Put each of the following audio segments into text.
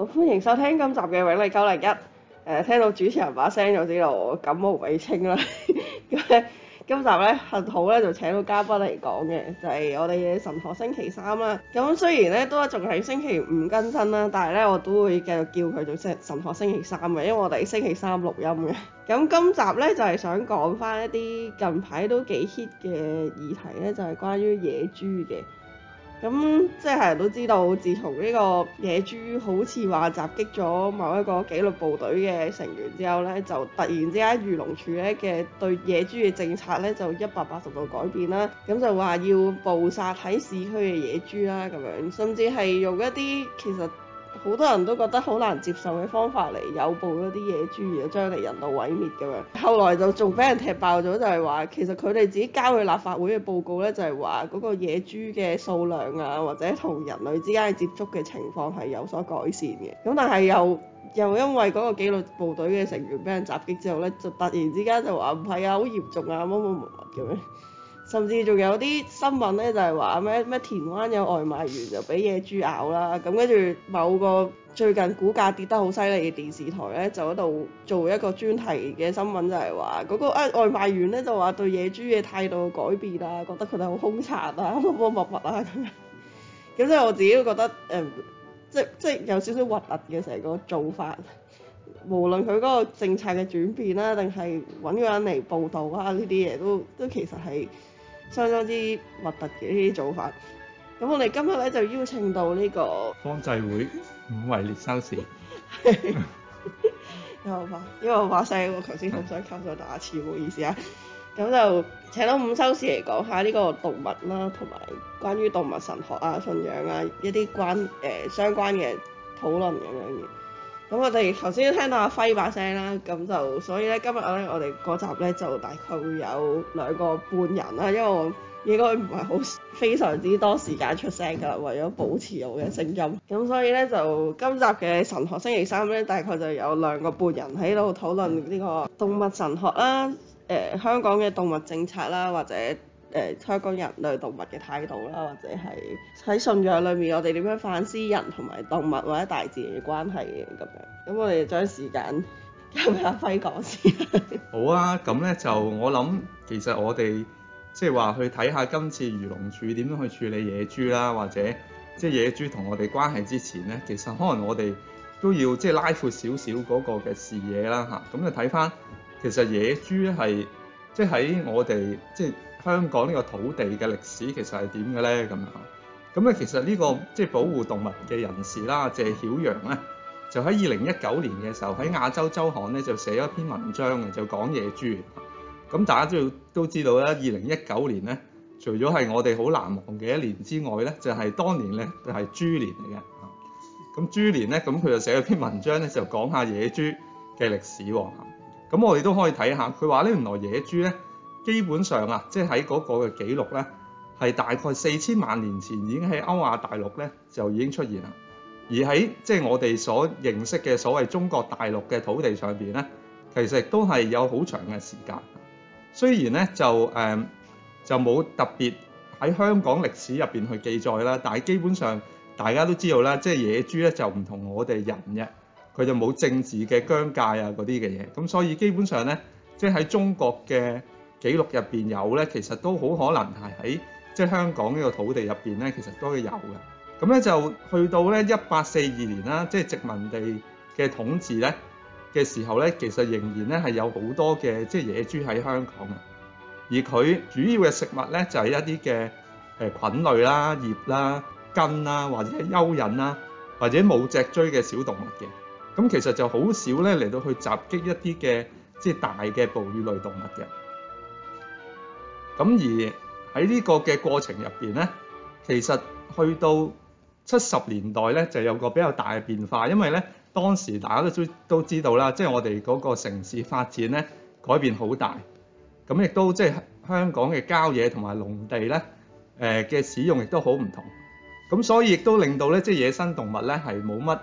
好歡迎收聽今集嘅永利九零一。誒、呃、聽到主持人把聲就知道我感冒未清啦。咁 咧今集咧幸好咧就請到嘉賓嚟講嘅，就係、是、我哋嘅神學星期三啦。咁雖然咧都仲係星期五更新啦，但係咧我都會繼續叫佢做神神學星期三嘅，因為我哋星期三錄音嘅。咁今集咧就係、是、想講翻一啲近排都幾 hit 嘅議題咧，就係、是、關於野豬嘅。咁即係人都知道，自從呢個野豬好似話襲擊咗某一個紀律部隊嘅成員之後咧，就突然之間，漁農署咧嘅對野豬嘅政策咧就一百八十度改變啦。咁就話要捕殺喺市區嘅野豬啦，咁樣甚至係用一啲其實，好多人都覺得好難接受嘅方法嚟誘捕嗰啲野豬，然後將嚟人道毀滅咁樣。後來就仲俾人踢爆咗，就係話其實佢哋自己交去立法會嘅報告呢，就係話嗰個野豬嘅數量啊，或者同人類之間嘅接觸嘅情況係有所改善嘅。咁但係又又因為嗰個紀律部隊嘅成員俾人襲擊之後呢，就突然之間就話唔係啊，好嚴重啊，乜乜乜乜咁樣。甚至仲有啲新聞咧，就係話咩咩田灣有外賣員就俾野豬咬啦，咁跟住某個最近股價跌得好犀利嘅電視台咧，就喺度做一個專題嘅新聞就是說，就係話嗰個啊外賣員咧就話對野豬嘅態度改變啦、啊，覺得佢哋好兇殘啊，冇乜乜乜啊咁樣。咁即係我自己都覺得誒、呃，即係即係有少少核突嘅成個做法。無論佢嗰個政策嘅轉變啦、啊，定係揾個人嚟報導啦、啊，呢啲嘢都都其實係。相當之核突嘅呢啲做法。咁我哋今日咧就邀請到呢、這個方濟會伍維烈修士。因為我因為我把聲，我求先好想靠再打一次，唔好意思啊。咁 就請到伍修士嚟講下呢個動物啦，同埋關於動物神學啊、信仰啊一啲關誒、呃、相關嘅討論咁樣嘅。咁我哋頭先聽到阿輝把聲啦，咁就所以呢，今日呢我哋嗰集呢，就大概會有兩個半人啦，因為我應該唔係好非常之多時間出聲㗎喇，為咗保持我嘅聲音。咁所以呢，就今集嘅神學星期三呢，大概就有兩個半人喺度討論呢個動物神學啦，誒、呃、香港嘅動物政策啦，或者，誒，相關人類動物嘅態度啦，或者係喺信仰裏面，我哋點樣反思人同埋動物或者大自然嘅關係嘅咁樣。咁我哋將時間交俾阿輝講先。好啊，咁咧就我諗，其實我哋即係話去睇下今次漁農署點樣去處理野豬啦，或者即係野豬同我哋關係之前咧，其實可能我哋都要即係拉闊少少嗰個嘅視野啦嚇。咁就睇翻其實野豬咧係即係喺我哋即係。就是香港呢個土地嘅歷史其實係點嘅咧？咁樣咁咧，其實呢個即係保護動物嘅人士啦，謝曉陽咧，就喺二零一九年嘅時候喺《亞洲週刊》咧就寫咗一篇文章嘅，就講野豬。咁大家都要都知道啦，二零一九年咧，除咗係我哋好難忘嘅一年之外咧，就係當年咧係豬年嚟嘅。咁豬年咧，咁佢就寫咗篇文章咧，就講下野豬嘅歷史喎。咁我哋都可以睇下，佢話呢原來野豬咧。基本上啊，即係喺嗰個嘅記錄咧，係大概四千萬年前已經喺歐亞大陸咧就已經出現啦。而喺即係我哋所認識嘅所謂中國大陸嘅土地上邊咧，其實都係有好長嘅時間。雖然咧就誒、嗯、就冇特別喺香港歷史入邊去記載啦，但係基本上大家都知道啦，即係野豬咧就唔同我哋人嘅，佢就冇政治嘅疆界啊嗰啲嘅嘢。咁所以基本上咧，即係喺中國嘅。記錄入邊有咧，其實都好可能係喺即係香港呢個土地入邊咧，其實都會有嘅。咁咧就去到咧一八四二年啦，即係殖民地嘅統治咧嘅時候咧，其實仍然咧係有好多嘅即係野豬喺香港嘅。而佢主要嘅食物咧就係一啲嘅誒菌類啦、葉啦、根啦，或者蚯蚓啦，或者冇脊椎嘅小動物嘅。咁其實就好少咧嚟到去襲擊一啲嘅即係大嘅哺乳類動物嘅。咁而喺呢個嘅過程入邊咧，其實去到七十年代咧，就有個比較大嘅變化，因為咧當時大家都都知道啦，即係我哋嗰個城市發展咧改變好大，咁亦都即係香港嘅郊野同埋農地咧，誒嘅使用亦都好唔同，咁所以亦都令到咧即係野生動物咧係冇乜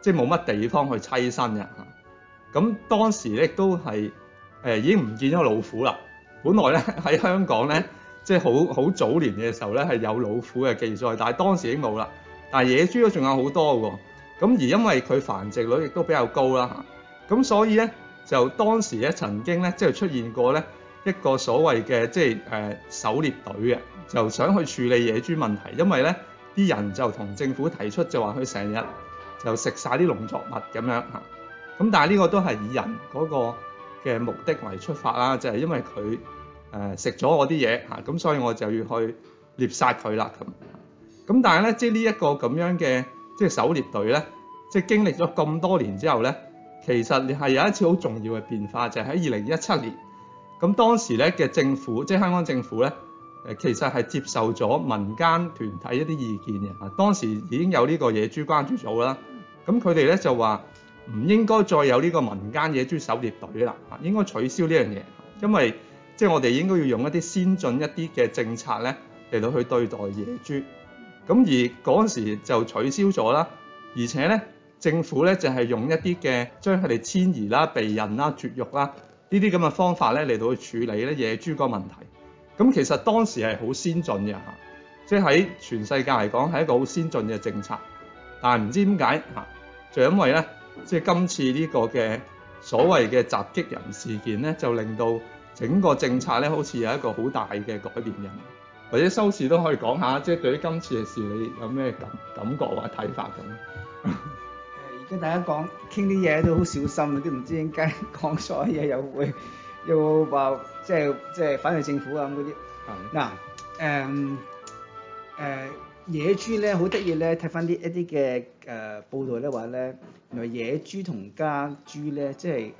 即係冇乜地方去棲身嘅嚇。咁當時咧亦都係誒已經唔見咗老虎啦。本來咧喺香港咧，即係好好早年嘅時候咧係有老虎嘅記載，但係當時已經冇啦。但係野豬都仲有好多喎。咁而因為佢繁殖率亦都比較高啦，咁所以咧就當時咧曾經咧即係出現過咧一個所謂嘅即係誒狩獵隊嘅，就想去處理野豬問題，因為咧啲人就同政府提出就話佢成日就食晒啲農作物咁樣嚇。咁但係呢個都係以人嗰個。嘅目的為出發啦，就係因為佢誒食咗我啲嘢嚇，咁所以我就要去獵殺佢啦咁。咁但係咧，即係呢一個咁樣嘅即係狩獵隊咧，即係經歷咗咁多年之後咧，其實係有一次好重要嘅變化，就係喺二零一七年。咁當時咧嘅政府，即係香港政府咧，誒其實係接受咗民間團體一啲意見嘅。當時已經有呢個野豬關注組啦，咁佢哋咧就話，唔應該再有呢個民間野豬狩獵隊啦，應該取消呢樣嘢，因為即係我哋應該要用一啲先進一啲嘅政策咧嚟到去對待野豬。咁而嗰陣時就取消咗啦，而且咧政府咧就係用一啲嘅將佢哋遷移啦、避孕啦、絕育啦呢啲咁嘅方法咧嚟到去處理咧野豬個問題。咁其實當時係好先進嘅嚇，即係喺全世界嚟講係一個好先進嘅政策。但係唔知點解嚇，就因為咧。即係今次呢個嘅所謂嘅襲擊人事件咧，就令到整個政策咧，好似有一個好大嘅改變人。或者收視都可以講下，即係對於今次嘅事，你有咩感感覺或睇法咁咧？而 家大家講傾啲嘢都好小心，都唔知點解講所有嘢又會又話即係即係反對政府啊咁嗰啲。嗱誒誒。野豬咧好得意咧，睇翻啲一啲嘅誒報道咧話咧，原來野豬同家豬咧，即係誒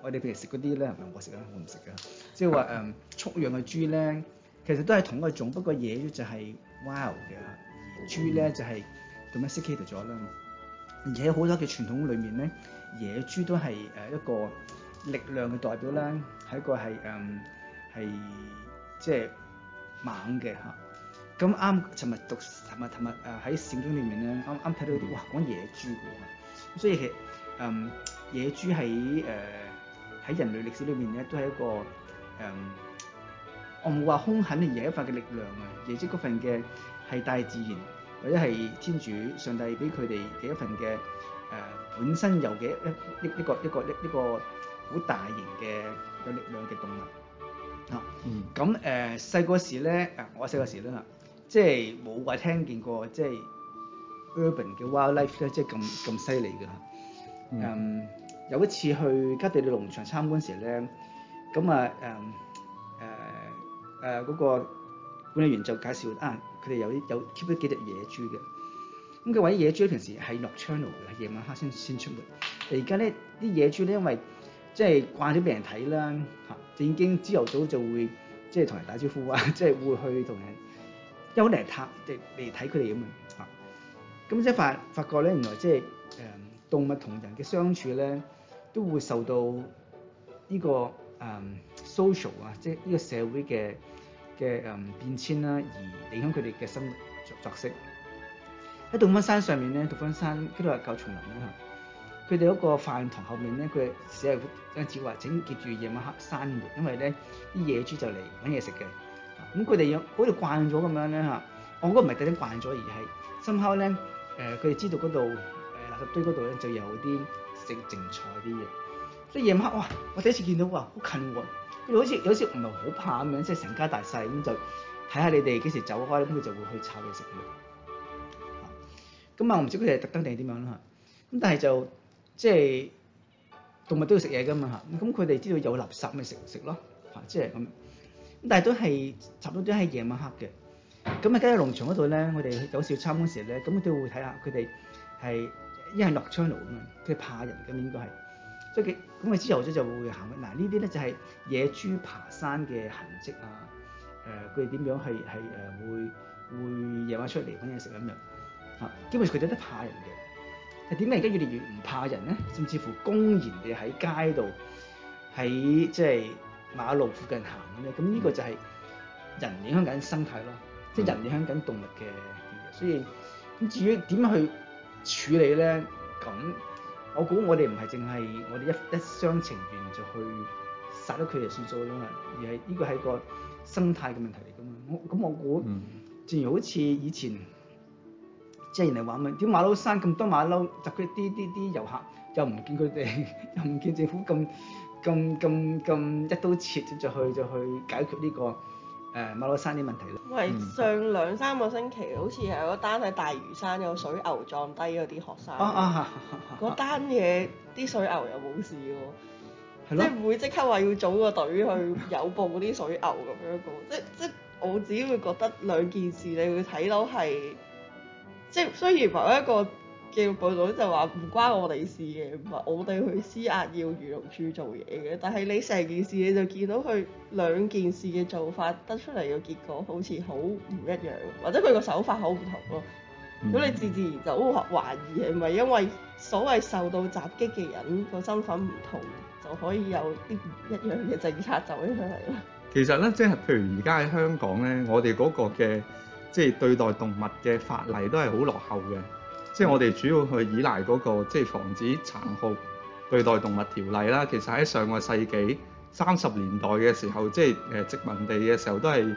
我哋平時食啲咧，唔係我食啊？我唔食㗎。即係話誒畜養嘅豬咧，其實都係同一種，不過野豬就係 wild 嘅，而豬咧就係咁樣 domesticated 咗啦。而且好多嘅傳統裏面咧，野豬都係誒一個力量嘅代表啦，係一個係誒係即係猛嘅吓。咁啱，尋日讀尋日尋日誒喺聖經裏面咧，啱啱睇到啲哇講野豬喎，所以其實誒野豬喺誒喺人類歷史裏面咧都係一個誒，我唔會話兇狠嘅而係一份嘅力量啊，野豬嗰份嘅係大自然或者係天主上帝俾佢哋嘅一份嘅誒本身有嘅一一一個一個一個好大型嘅有力量嘅動物啊，咁誒細個時咧誒我細個時咧嚇。即係冇話聽見過即係 urban 嘅 wildlife 咧，即係咁咁犀利㗎嚇。嗯，um, 有一次去嘉道理農場參觀時咧，咁啊誒誒誒嗰個管理員就介紹啊，佢哋有啲有 keep 咗幾隻野豬嘅。咁佢話啲野豬平時係 nocturnal 嘅，夜晚黑先先出沒。而家咧啲野豬咧因為即係慣咗俾人睇啦嚇，就已經朝頭早就會即係同人打招呼啊，即係會去同人。因為可能係塔嚟嚟睇佢哋咁嘛嚇，咁即係發發覺咧，原來即係誒動物同人嘅相處咧，都會受到呢、這個誒、嗯、social 啊，即係呢個社會嘅嘅誒變遷啦，而影響佢哋嘅生活作作息。喺杜芬山上面咧，杜芬山基督教叢林咧，佢哋嗰個飯堂後面咧，佢哋只係將紙整結住夜晚黑山門，因為咧啲野豬就嚟揾嘢食嘅。咁佢哋有好似慣咗咁樣咧嚇，我覺得唔係特登慣咗，而係深宵咧誒，佢哋知道嗰度誒垃圾堆嗰度咧就有啲食剩菜啲嘢，即係夜晚哇，我第一次見到哇，近好近喎，又好似有時唔係好怕咁樣，即係成家大細咁就睇下你哋幾時走開，咁佢就會去摷嘢食嘅，嚇、嗯。咁、嗯、啊、嗯，我唔知佢哋特登定係點樣啦嚇，咁、嗯、但係就即係、就是、動物都要食嘢噶嘛嚇，咁佢哋知道有垃圾咪食食咯嚇、嗯，即係咁。但係都係差唔多都係夜晚黑嘅，咁喺街喺農場嗰度咧，我哋有少參觀時咧，咁都會睇下佢哋係一係落槍路啊，佢哋怕人咁應該係，所以佢咁啊之後咧就會行嗱，呢啲咧就係野豬爬山嘅痕跡啊，誒佢哋點樣係係誒會會夜晚出嚟揾嘢食咁樣，啊基本上佢哋都怕人嘅，誒點解而家越嚟越唔怕人咧？甚至乎公然地喺街度喺即係。在就是馬路附近行咁咧，咁呢個就係人影響緊生態咯，嗯、即係人影響緊動物嘅啲嘢。所以咁至於點樣去處理咧？咁我估我哋唔係淨係我哋一一廂情願就去殺咗佢哋算數啦，而係呢個係個生態嘅問題嚟噶嘛。我咁我估，正如、嗯、好似以前，即係人哋話乜？點馬騮山咁多馬騮，就佢啲啲啲遊客又唔見佢哋，又唔見、見政府咁。咁咁咁一刀切咁就去就去解決呢、這個誒、呃、馬騮山啲問題咧。喂，上兩三個星期，嗯、好似係嗰單係大嶼山有水牛撞低嗰啲學生，啊嗰單嘢啲水牛又冇事喎，的即係唔會即刻話要組個隊去有報嗰啲水牛咁 樣個。即即我自己會覺得兩件事，你會睇到係即雖然某一個。紀律報道就話唔關我哋事嘅，唔係我哋去施壓要漁農署做嘢嘅。但係你成件事你就見到佢兩件事嘅做法得出嚟嘅結果好似好唔一樣，或者佢個手法好唔同咯。咁、嗯、你自自然就好懷疑係咪因為所謂受到襲擊嘅人個身份唔同就可以有啲唔一樣嘅政策走咗出嚟咯？其實咧，即係譬如而家喺香港咧，我哋嗰個嘅即係對待動物嘅法例都係好落後嘅。即係我哋主要去依賴嗰、那個即係、就是、防止殘酷對待動物條例啦。其實喺上個世紀三十年代嘅時候，即係誒殖民地嘅時候，都係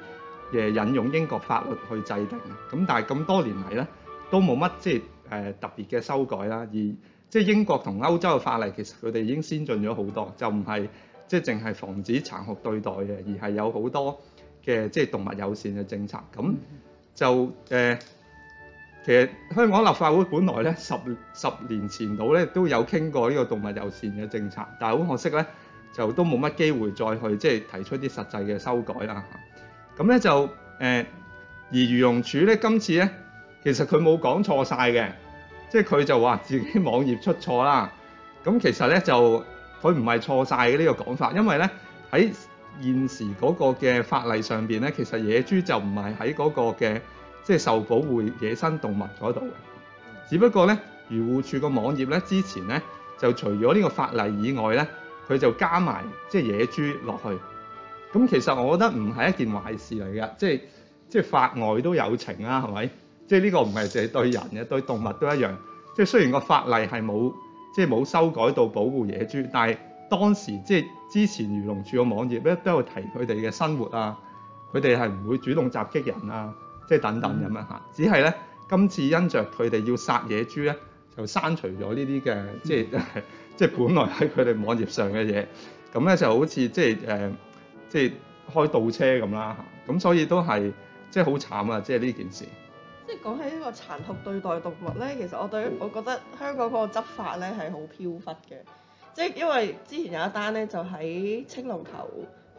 誒引用英國法律去制定嘅。咁但係咁多年嚟咧，都冇乜即係誒特別嘅修改啦。而即係英國同歐洲嘅法例，其實佢哋已經先進咗好多，就唔係即係淨係防止殘酷對待嘅，而係有好多嘅即係動物友善嘅政策。咁就誒。呃其實香港立法會本來咧十十年前度咧都有傾過呢個動物友善嘅政策，但係好可惜咧就都冇乜機會再去即係提出啲實際嘅修改啦。咁咧就誒、呃，而漁農署咧今次咧其實佢冇講錯晒嘅，即係佢就話自己網頁出錯啦。咁其實咧就佢唔係錯晒嘅呢個講法，因為咧喺現時嗰個嘅法例上邊咧，其實野豬就唔係喺嗰個嘅。即係受保護野生動物嗰度嘅，只不過咧漁護處個網頁咧之前咧就除咗呢個法例以外咧，佢就加埋即係野豬落去。咁其實我覺得唔係一件壞事嚟嘅，即係即係法外都有情啦、啊，係咪？即係呢個唔係淨係對人嘅，對動物都一樣。即係雖然個法例係冇即係冇修改到保護野豬，但係當時即係之前漁農處個網頁咧都有提佢哋嘅生活啊，佢哋係唔會主動襲擊人啊。即係等等咁樣嚇，只係咧今次因着佢哋要殺野豬咧，就刪除咗呢啲嘅即係即係本來喺佢哋網頁上嘅嘢，咁咧就好似即係誒即係開倒車咁啦嚇，咁所以都係即係好慘啊！即係呢件事。即係講起呢個殘酷對待動物咧，其實我對我覺得香港嗰個執法咧係好飄忽嘅，即係因為之前有一單咧就喺青龍頭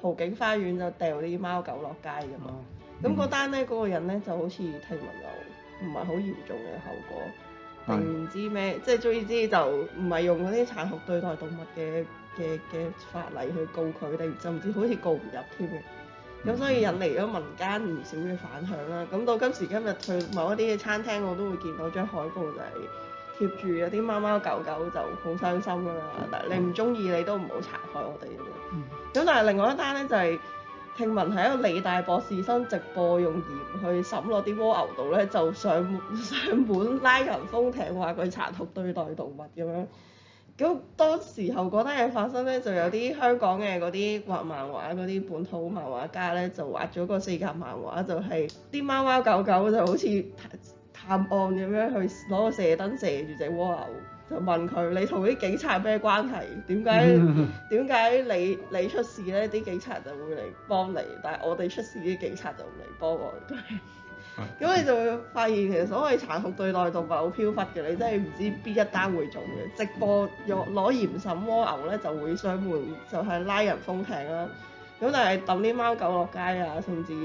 豪景花園就掉啲貓狗落街咁啊。嗯咁嗰、嗯、單咧，嗰、嗰個人咧就好似聽聞有唔係好嚴重嘅後果，定唔的知咩？即係總之就唔、是、係用嗰啲殘酷對待動物嘅嘅嘅法例去告佢，哋，甚至好似告唔入添嘅。咁、嗯、所以引嚟咗民間唔少嘅反響啦。咁到今時今日，去某一啲嘅餐廳，我都會見到一張海報就係貼住有啲貓貓狗狗就好傷心㗎嘛。嗯、但係你唔中意，你都唔好殘害我哋。咁、嗯、但係另外一單咧就係、是。聽聞係一個理大博士生直播用鹽去抌落啲蝸牛度，咧，就上上門拉人封艇，話佢殘酷對待動物咁樣。咁當時候嗰單嘢發生咧，就有啲香港嘅嗰啲畫漫畫嗰啲本土漫畫家咧，就畫咗個四格漫畫，就係啲貓貓狗狗就好似探案咁樣去攞個射燈射住隻蝸牛，就問佢：你同啲警察咩關係？點解，點解你，你出事呢啲警察就會嚟幫你，但係我哋出事啲警察就唔嚟幫我。咁， 你就會發現其實所謂殘酷對待動物好飄忽嘅，你真係唔知邊一單會做嘅。直播用攞鹽審蝸牛呢就會上門就係拉人封艇啦。咁但係抌啲貓狗落街啊，甚至～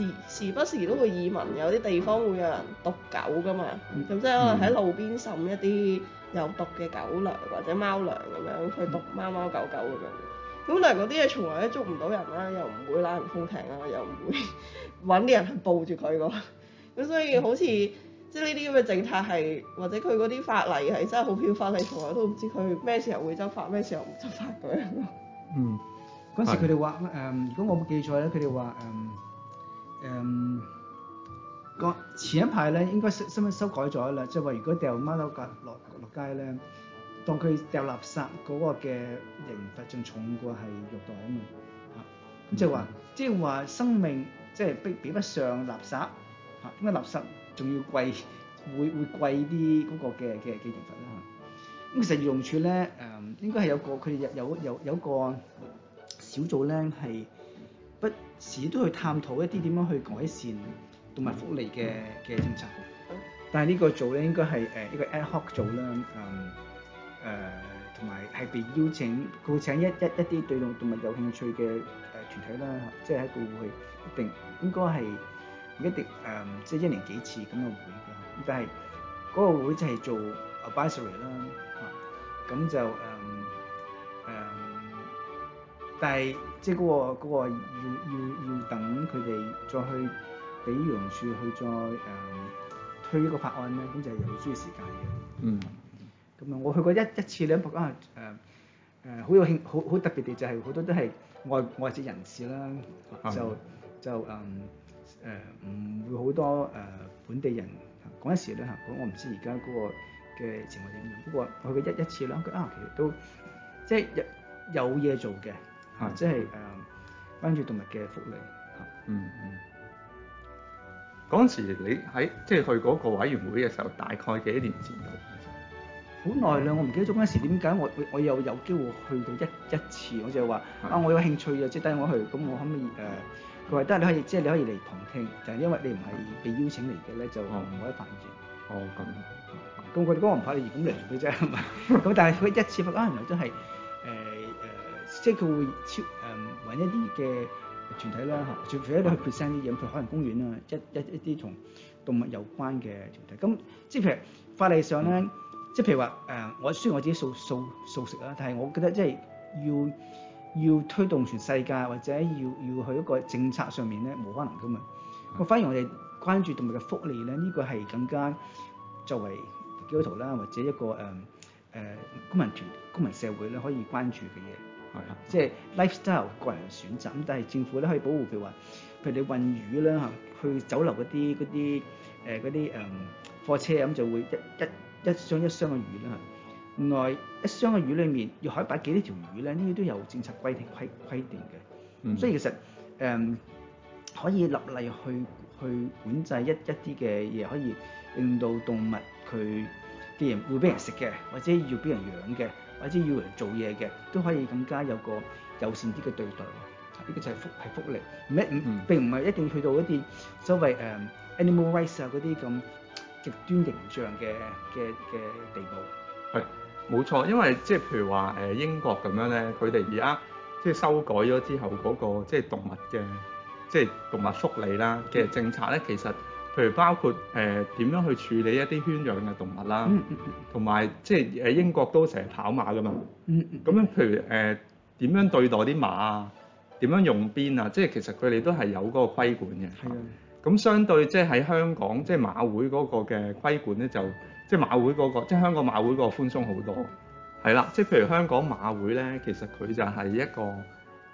時，時不時都會耳聞有啲地方會有人毒狗噶嘛，咁、嗯、即係可能喺路邊滲一啲有毒嘅狗糧或者貓糧咁樣，佢毒貓貓狗狗咁樣。咁但嗰啲嘢從來都捉唔到人啦，又唔會拉人封艇啦，又唔會揾啲人去報住佢個。咁所以好似即係呢啲咁嘅政策係，或者佢嗰啲法例係真係好飄忽，你從來都唔知佢咩時候會執法，咩時候唔執法咁樣咯。嗯，嗰陣時佢哋話誒，如果我冇記錯咧，佢哋話誒。Um, 前一排咧，應該新新修改咗啦，即係話如果掉貓兜夾落落街咧，當佢掉垃圾嗰個嘅刑罰仲重過係虐待啊嘛嚇，咁即即係話生命即係比比不上垃圾嚇，點解垃圾仲要貴，會會貴啲嗰個嘅嘅刑罰？咁其實漁農署咧應該係有個佢有有有個小組咧係不時都去探討一啲點樣去改善動物福利嘅嘅政策，但係呢個組咧應該係誒一個 ad hoc 組啦，嗯誒同埋係被邀請，佢會請一一一啲對動動物有興趣嘅誒團體啦，即係一個會一定應該係唔一定誒，即係一年幾次咁嘅會，但係嗰個會就係做 advisory 啦，嚇咁就誒。但係、那個，即係嗰個嗰個要要要等佢哋再去俾楊樹去再誒、呃、推一個法案咧，咁就係有需要時間嘅。Mm hmm. 嗯。咁啊，我去過一次一,一次兩啊誒誒好有興好好特別嘅就係、是、好多都係外外籍人士啦，mm hmm. 就就誒誒唔會好多誒、呃、本地人。嗰陣時咧嚇，我我唔知而家嗰個嘅情況點樣，不過我去過一次一,一次兩句啊，其實都即係、就是、有有嘢做嘅。即係誒關注動物嘅福利。嗯嗯。嗰、嗯、陣時你喺即係去嗰個委員會嘅時候，大概幾多年前到？好耐啦，我唔記得咗嗰陣時點解我我又有機會去到一一次，我就話是啊，我有興趣就即係帶我去，咁我可唔可以誒？佢話得，但你可以即係、就是、你可以嚟旁聽，就係因為你唔係被邀請嚟嘅咧，就唔可以參與。哦咁。咁佢哋嗰個唔怕你亂咁嚟做咩啫？咁 但係佢一次發，啊原來真係～即係佢會超誒揾一啲嘅團體啦，嚇，除除咗你去 present 啲嘢，佢海洋公園啦，一一一啲同動物有關嘅團體。咁即係譬如法例上咧，即係譬如話誒、呃，我雖然我自己素素素食啦，但係我覺得即係要要推動全世界或者要要去一個政策上面咧，冇可能噶嘛。我反而我哋關注動物嘅福利咧，呢、這個係更加作為基督徒啦，或者一個誒誒、呃、公民團公民社會咧可以關注嘅嘢。係即係 lifestyle 個人選擇咁，但係政府咧可以保護，譬如話，譬如你運魚啦嚇，去酒樓嗰啲嗰啲誒嗰啲誒貨車咁就會一一一箱一箱嘅魚啦另外一箱嘅魚裡面要擺幾多條魚咧，呢啲都有政策規規規定嘅，嗯、所以其實誒、嗯、可以立例去去管制一一啲嘅嘢，可以令到動物佢啲人會俾人食嘅，或者要俾人養嘅。或者要嚟做嘢嘅，都可以更加有個友善啲嘅對待，呢個就係福係福利，唔唔、嗯、並唔係一定去到一啲所謂誒 animal rights 啊嗰啲咁極端形象嘅嘅嘅地步。係冇錯，因為即係譬如話誒英國咁樣咧，佢哋而家即係修改咗之後嗰、嗰個即係、即係、動物嘅即係動物福利啦嘅政策咧，嗯、其實。譬如包括誒點樣去處理一啲圈養嘅動物啦，同埋即係誒英國都成日跑馬噶嘛，咁樣譬如誒點樣對待啲馬啊，點樣用鞭啊，即係其實佢哋都係有嗰個規管嘅。係。咁相對即係喺香港即係馬會嗰個嘅規管咧，就即係馬會嗰個即係香港馬會個寬鬆好多。係啦，即係譬如香港馬會咧，其實佢就係一個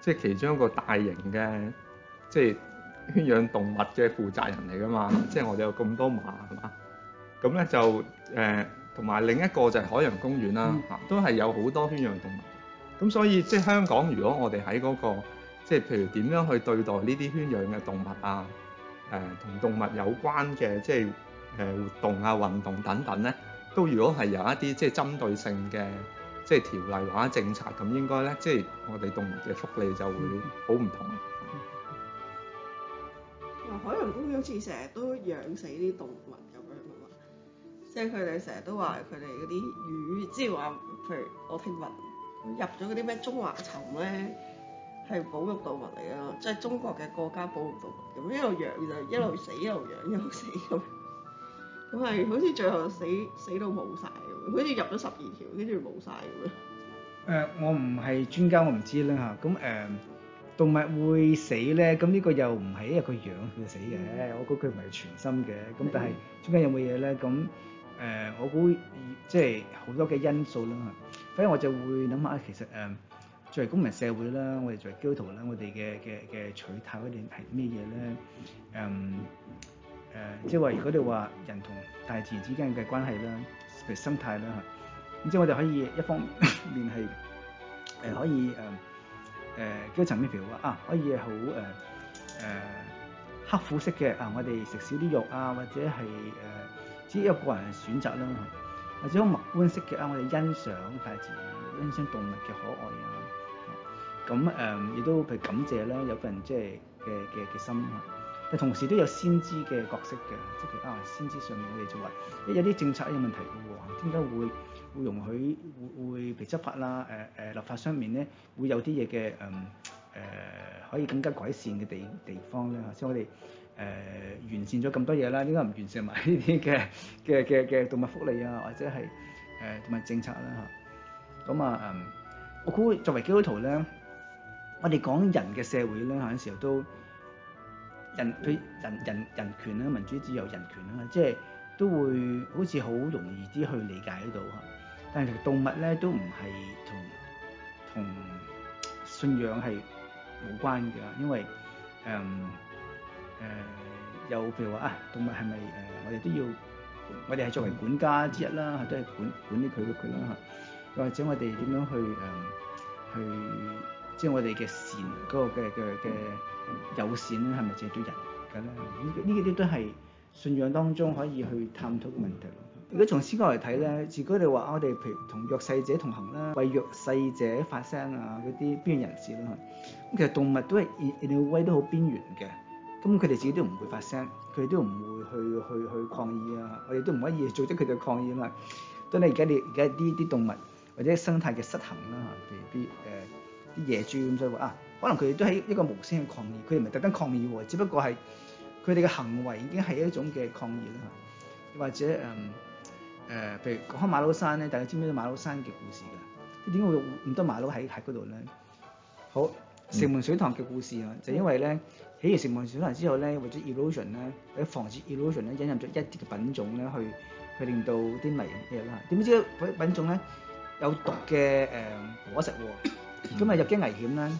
即係其中一個大型嘅即係。就是圈養動物嘅負責人嚟㗎嘛，即係我哋有咁多馬係嘛，咁咧就誒，同、呃、埋另一個就係海洋公園啦，嚇，都係有好多圈養動物。咁所以即係香港，如果我哋喺嗰個，即係譬如點樣去對待呢啲圈養嘅動物啊，誒、呃、同動物有關嘅即係誒活動啊、運動等等咧，都如果係有一啲即係針對性嘅即係條例或者政策，咁應該咧，即係我哋動物嘅福利就會好唔同。嗯海洋公園好似成日都養死啲動物咁樣啊嘛，即係佢哋成日都話佢哋嗰啲魚，即係話，譬如我聽聞入咗嗰啲咩中華鱘咧係保育動物嚟㗎，即係中國嘅國家保護動物，咁一路養就一路死，一路養一路死咁，咁係 好似最後死死到冇晒。咁，好似入咗十二條跟住冇晒。咁樣。誒、呃，我唔係專家，我唔知啦嚇，咁誒。呃動物會死咧，咁呢個又唔係因為佢養佢死嘅，我估佢唔係全心嘅。咁但係中間有冇嘢咧？咁誒、呃，我估即係好多嘅因素啦。反正我就會諗下，其實誒、呃，作為公民社會啦，我哋作為基督徒啦，我哋嘅嘅嘅取態嗰啲係咩嘢咧？嗯、呃、誒，即係話如果你話人同大自然之間嘅關係啦，譬如心態啦，咁即係我哋可以一方面係誒、呃、可以誒。呃基層面譬如話啊，可以好誒誒刻苦式嘅啊，我哋食少啲肉啊，或者係自己一個人嘅選擇啦，或者好默觀式嘅啊，我哋欣賞大自然，欣賞動物嘅可愛啊，咁誒亦都譬如感謝啦，有份即係嘅嘅嘅心。但同時都有先知嘅角色嘅，即係啊，先知上面我哋就話，一有啲政策有問題㗎喎，點解會會容許會,會被執法啦？誒、呃、誒、呃，立法上面咧會有啲嘢嘅嗯誒，可以更加改善嘅地地方咧，即係我哋誒、呃、完善咗咁多嘢啦，點解唔完善埋呢啲嘅嘅嘅嘅動物福利啊，或者係誒同埋政策啦嚇？咁啊嗯，我估作為基督徒咧，我哋講人嘅社會咧有陣時候都。人佢人人人權啦，民主自由人權啦，即係都會好似好容易啲去理解到嚇。但係動物咧都唔係同同信仰係冇關嘅，因為誒誒有譬如話啊，動物係咪誒我哋都要、嗯、我哋係作為管家之一啦，嗯、都係管管理佢嘅佢啦嚇。又或者我哋點樣去誒、嗯、去即係我哋嘅善嗰個嘅嘅嘅。嗰個嗰個嗰個友善咧係咪只係對人㗎咧？呢呢啲都係信仰當中可以去探討嘅問題。如果、嗯、從思歌嚟睇咧，如果你話我哋譬如同弱勢者同行啦，為弱勢者發聲啊嗰啲邊緣人士啦，咁其實動物都係熱熱威都好邊緣嘅，咁佢哋自己都唔會發聲，佢哋都唔會去去去抗議啊，我哋都唔可以組織佢哋抗議啊。當你而家你而家啲啲動物或者生態嘅失衡啦，譬如啲誒啲野豬咁所以話啊。可能佢哋都係一個無聲嘅抗議，佢哋唔係特登抗議喎，只不過係佢哋嘅行為已經係一種嘅抗議啦。或者誒誒，譬、嗯呃、如講開馬騮山咧，大家知唔知道馬騮山嘅故事㗎？點解會咁多馬騮喺喺嗰度咧？好，城門水塘嘅故事啊，嗯、就是因為咧起完城門水塘之後咧，為咗 erosion 咧，為咗防止 erosion 咧，引入咗一啲嘅品種咧去去令到啲泥嘢啦。點知品品種咧有毒嘅誒、呃、果實喎，咁啊又驚危險咧。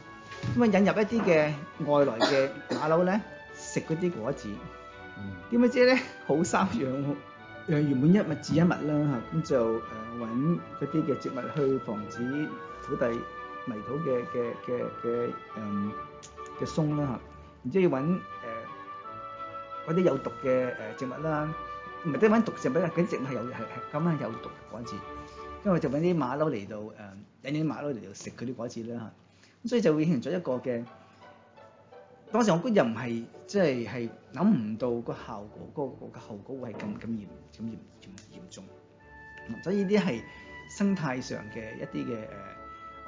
咁啊，引入一啲嘅外來嘅馬騮咧，食嗰啲果子。點解知咧？好三樣、呃，原本一物治一物啦嚇。咁就誒揾嗰啲嘅植物去防止土地泥土嘅嘅嘅嘅嘅鬆啦嚇。然之要揾誒啲有毒嘅植物啦，唔係得揾毒植物啦，啲植物係係咁有毒嘅果子。因為就搵啲馬騮嚟到誒，引啲馬騮嚟到食佢啲果子啦嚇。所以就會形成咗一個嘅，當時我覺得又唔係即係係諗唔到個效果，嗰個個後果會係咁咁嚴咁嚴咁嚴重。所以呢啲係生態上嘅一啲嘅誒，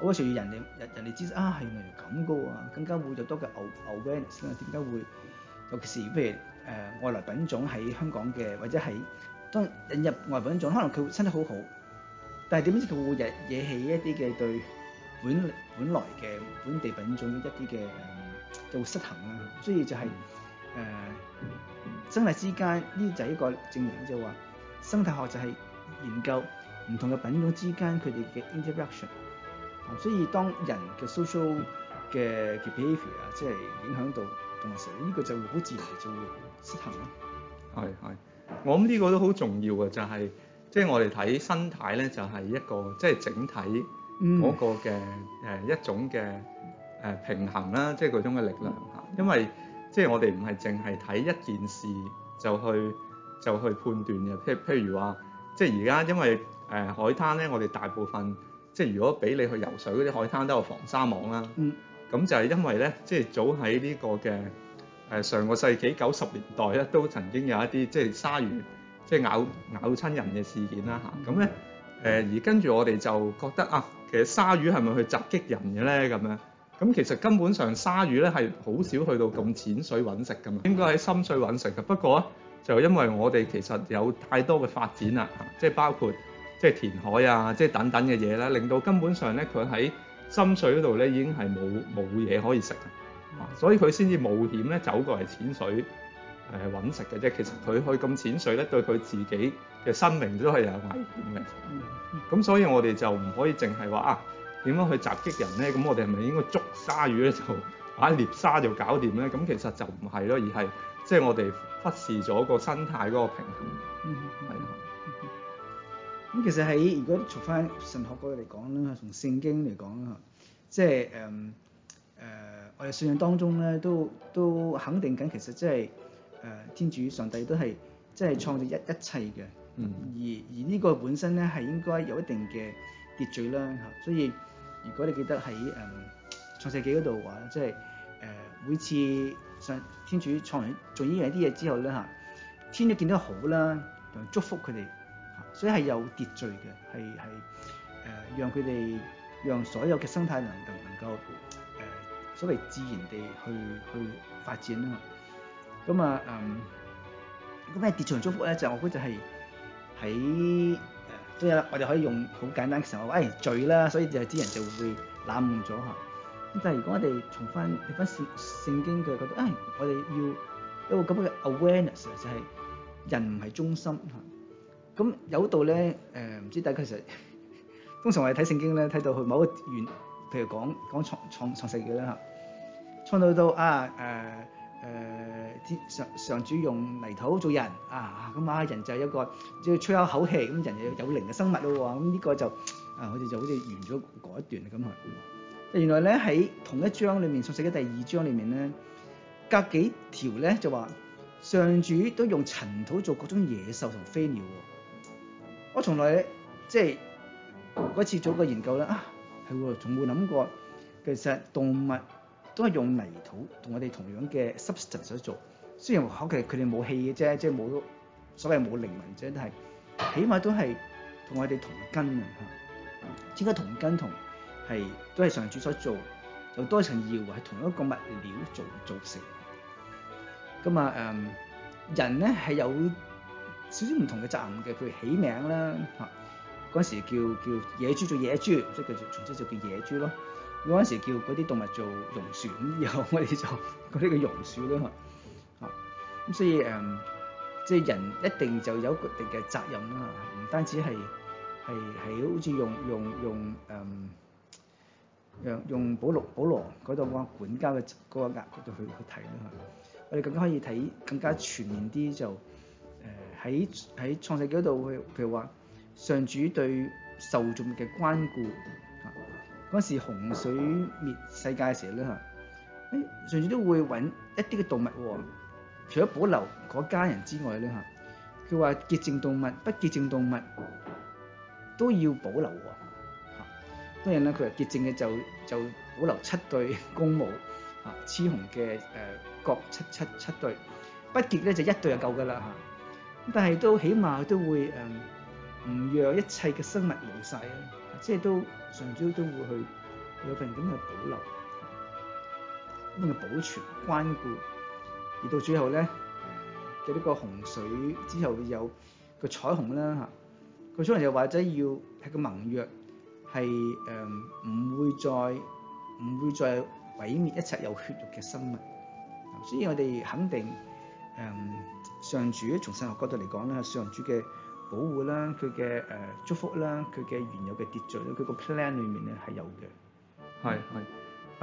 我覺得隨著人哋人人哋知識啊，原來係咁噶喎，更加會有多嘅 awareness 啊。點解會？尤其是譬如誒外來品種喺香港嘅，或者喺當引入外來品種，可能佢會身體好好，但係點知佢會惹惹起一啲嘅對。本本來嘅本地品種一啲嘅就會失衡啦，所以就係、是、誒、呃、生態之間呢就係一個證明就話生態學就係研究唔同嘅品種之間佢哋嘅 interaction，所以當人嘅 social 嘅 behavior 即係影響到動物時候，呢、這個就會好自然就會失衡咯。係，係，我諗呢個都好重要嘅，就係即係我哋睇生態咧，就係、是、一個即係、就是、整體。嗰個嘅誒一種嘅誒平衡啦，即係嗰種嘅力量嚇，因為即係我哋唔係淨係睇一件事就去就去判斷嘅，譬如譬如話，即係而家因為誒海灘咧，我哋大部分即係如果俾你去游水嗰啲海灘都有防沙網啦，嗯，咁就係因為咧，即係早喺呢個嘅誒上個世紀九十年代咧，都曾經有一啲即係鯊魚即係咬咬親人嘅事件啦嚇，咁咧誒而跟住我哋就覺得啊～其實鯊魚係咪去襲擊人嘅咧？咁樣咁其實根本上鯊魚咧係好少去到咁淺水揾食噶嘛，應該喺深水揾食嘅。不過咧就因為我哋其實有太多嘅發展啦，即係包括即係填海啊，即係等等嘅嘢啦，令到根本上咧佢喺深水嗰度咧已經係冇冇嘢可以食啦，所以佢先至冒險咧走過嚟淺水。誒揾食嘅啫，其實佢去咁淺水咧，對佢自己嘅生命都係有危險嘅。咁所以我哋就唔可以淨係話啊，點樣去襲擊人咧？咁我哋係咪應該捉鯊魚咧，就把獵鯊就搞掂咧？咁其實就唔係咯，而係即係我哋忽視咗個生態嗰個平衡。嗯，咁其實喺如果從翻神學嗰度嚟講咧，從聖經嚟講咧，即係誒誒，我哋信仰當中咧都都肯定緊，其實即係。誒天主上帝都係即係創造一一切嘅、嗯，而而呢個本身咧係應該有一定嘅秩序啦嚇，所以如果你記得喺誒、嗯、創世紀嗰度話，即係誒、呃、每次上天主創完做完一啲嘢之後咧嚇，天主見到好啦，就祝福佢哋，所以係有秩序嘅，係係誒讓佢哋讓所有嘅生態能能能夠誒所謂自然地去去發展啊。咁啊，嗯，咁咩跌財祝福咧？就我估係喺誒都有，我哋可以用好簡單嘅時候，喂，罪啦，所以就係啲人就會冷誤咗嚇。咁但係如果我哋從翻睇翻聖聖經嘅，覺得誒，我哋要一個咁嘅 awareness 就係人唔係中心嚇。咁有度咧，誒唔知大家其實通常我哋睇聖經咧，睇到去某個段，譬如講講創創創世記啦嚇，創到到啊誒。誒天上上主用泥土做人啊，咁啊人就係一個，只要吹下口氣，咁人又有靈嘅生物咯喎，咁、嗯、呢、這個就啊好似就好似完咗嗰一段咁啊、嗯。原來咧喺同一章裏面，創世記第二章裏面咧，隔幾條咧就話上主都用塵土做各種野獸同飛鳥。我從來，即係嗰次做過研究啦，啊，係喎，從冇諗過，其實動物。都係用泥土同我哋同樣嘅 substance 所做，雖然其實佢哋冇氣嘅啫，即係冇所謂冇靈魂啫，但係起碼都係同我哋同根啊！啊，應該同根同係都係上主所做，又多一層搖係同一個物料做做成。咁啊，誒人咧係有少少唔同嘅責任嘅，譬如起名啦，嚇嗰陣時叫叫野豬做野豬，即係叫從此就叫野豬咯。嗰陣時叫嗰啲動物做榕樹，咁然後我哋就講呢個榕樹啦嘛，嚇、嗯、咁所以誒、嗯，即係人一定就有特定嘅責任啦，唔單止係係係好似用用用誒、嗯、用用保羅保羅嗰度講管家嘅嗰個角度去去睇啦，我哋更加可以睇更加全面啲就誒喺喺創世紀嗰度，譬譬如話上主對受眾嘅關顧。嗰陣時洪水滅世界嘅時候咧嚇，誒上次都會揾一啲嘅動物喎，除咗保留嗰家人之外咧嚇，佢話潔淨動物不潔淨動物都要保留喎嚇。當然啦，佢話潔淨嘅就就保留七對公母嚇，雌雄嘅誒各七七七對，不潔咧就一對就夠噶啦嚇。但係都起碼都會誒唔讓一切嘅生物冇晒即係都上主都會去有份咁嘅保留，咁樣嘅保存關顧，而到最後咧嘅呢、呢個洪水之後會有個彩虹啦嚇，要說要個彩虹又或者要係個盟約係誒唔會再唔會再毀滅一切有血肉嘅生物，所以我哋肯定誒上主從神學角度嚟講咧，上主嘅。保護啦，佢嘅誒祝福啦，佢嘅原有嘅秩序咧，佢個 plan 裏面咧係有嘅。係係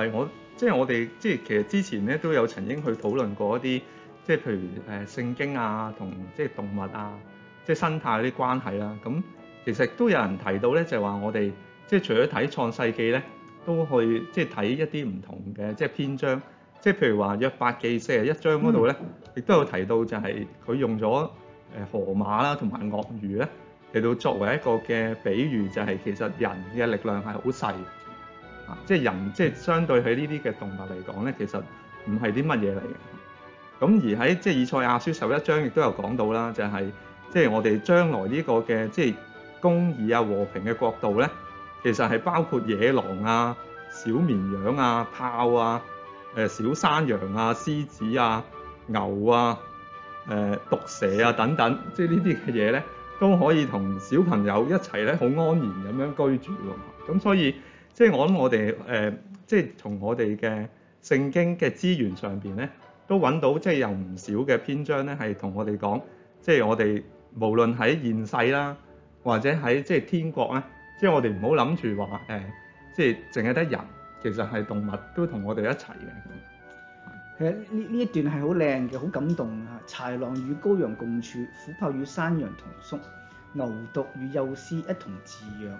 係我即係我哋即係其實之前咧都有曾經去討論過一啲即係譬如誒聖經啊同即係動物啊即係生態嗰啲關係啦、啊。咁其實都有人提到咧就係話我哋即係除咗睇創世記咧，都去即係睇一啲唔同嘅即係篇章，即係譬如話約八記約伯記四十一章嗰度咧，亦、嗯、都有提到就係佢用咗。誒河馬啦，同埋鱷魚咧，嚟到作為一個嘅比喻，就係其實人嘅力量係好細啊！即係人，即係相對喺呢啲嘅動物嚟講咧，其實唔係啲乜嘢嚟嘅。咁而喺即係以賽亞書十一章亦都有講到啦，就係即係我哋將來呢個嘅即係公義啊、和平嘅國度咧，其實係包括野狼啊、小綿羊啊、豹啊、誒小山羊啊、獅子啊、牛啊。毒蛇啊等等，即係呢啲嘅嘢咧，都可以同小朋友一齊咧，好安然咁樣居住喎。咁所以即係我諗我哋誒即係從我哋嘅聖經嘅資源上邊咧，都揾到即係有唔少嘅篇章咧，係同我哋講，即係我哋無論喺現世啦，或者喺即係天國咧，即係我哋唔好諗住話，誒、呃，即係淨係得人，其實係動物都同我哋一齊嘅。其實呢呢一段係好靚嘅，好感動啊！豺狼與羔羊共處，虎豹與山羊同宿，牛犢與幼獅一同自養。呢、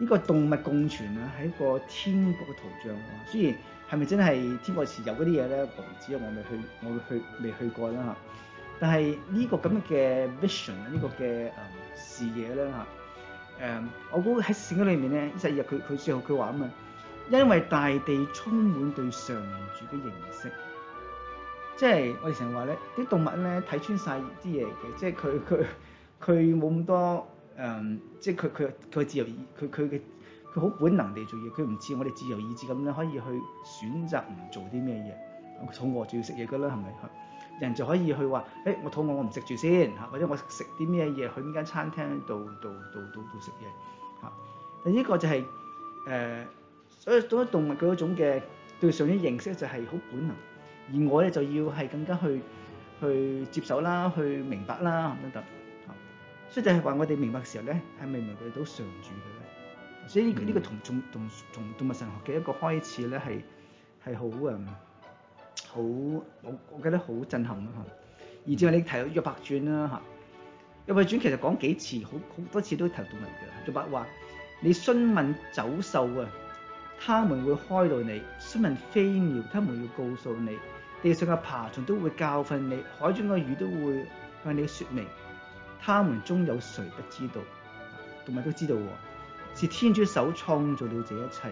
這個動物共存啊，係一個天國嘅圖像。雖然係咪真係天國持有嗰啲嘢咧，我唔知啊。我未去，我去未去過啦嚇。但係呢個咁嘅 vision 啊，呢個嘅誒視野咧嚇誒，我估喺聖經裏面咧，就入佢佢最後佢話啊嘛，因為大地充滿對上主嘅認。即係我哋成日話咧，啲動物咧睇穿晒啲嘢嘅，即係佢佢佢冇咁多誒、嗯，即係佢佢佢自由意，佢佢嘅佢好本能地做嘢，佢唔似我哋自由意志咁樣可以去選擇唔做啲咩嘢。肚、啊、餓仲要食嘢㗎啦，係咪？人就可以去話，誒、欸，我肚餓，我唔食住先，或者我食啲咩嘢？去邊間餐廳度度度度食嘢？嚇！但呢個就係、是、誒，所、呃、以所以動物佢嗰種嘅對上啲認識就係好本能。而我咧就要係更加去去接受啦，去明白啦，咁樣得嚇。所以就係話我哋明白嘅時候咧，係咪明白佢哋都常住嘅咧？所以呢、呢個嗯、個同從從從動物神學嘅一個開始咧，係係好誒，好我我覺得好震撼嚇。而之後你提到《約伯傳》啦嚇，《約伯傳》其實講幾次，好好多次都提到動物嘅。約伯話：你詢問走獸啊？他們會開導你，詢問飛鳥，他們要告訴你，地上嘅爬蟲都會教訓你，海中嘅魚都會向你説明，他們中有誰不知道？動物都知道喎，是天主手創造了這一切，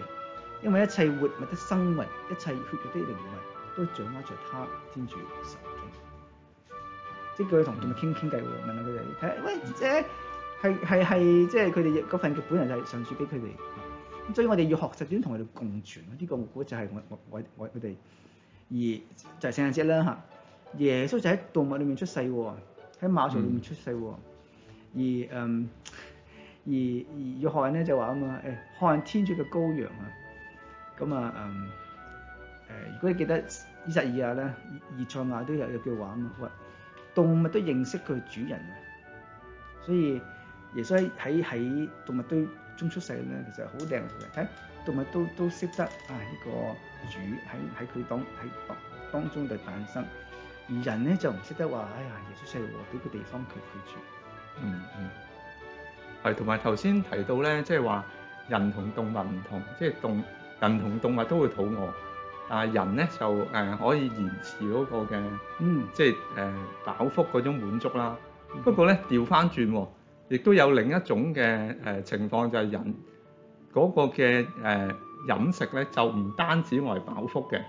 因為一切活物的生魂，一切血肉的靈魂，都掌握在他天主手中。即叫佢同動物傾傾偈喎，問下佢哋睇下，喂，即係係係，即係佢哋嗰份嘅，本來就係上主畀佢哋。所以我哋要學習點同佢哋共存，呢、這個我估就係我我我我哋。而就係聖誕節啦吓，耶穌就喺動物裏面出世喎，喺馬槽裏面出世喎。嗯。而，而，而、哎、嗯，而而約翰咧就話啊嘛，誒，看天主嘅羔羊啊。咁啊嗯誒，如果你記得以撒二亞咧，以賽亞都有有句話啊嘛，喂，動物都認識佢主人啊。所以耶穌喺喺喺動物堆。中出世咧，其實好靚嘅，睇動物都都識得啊！呢個主喺喺佢當喺當當中就誕生，而人咧就唔識得話，哎呀，耶穌細喎，幾個地方佢住。嗯嗯。係、嗯，同埋頭先提到咧，即係話人同動物唔同，即、就、係、是、動人同動物都會肚餓，但係人咧就誒可以延遲嗰個嘅，嗯，即係誒飽腹種滿足啦。不過咧，調翻轉亦都有另一種嘅誒、呃、情況就係、嗰個呃，就係人嗰個嘅誒飲食咧，就唔單止我為飽腹嘅，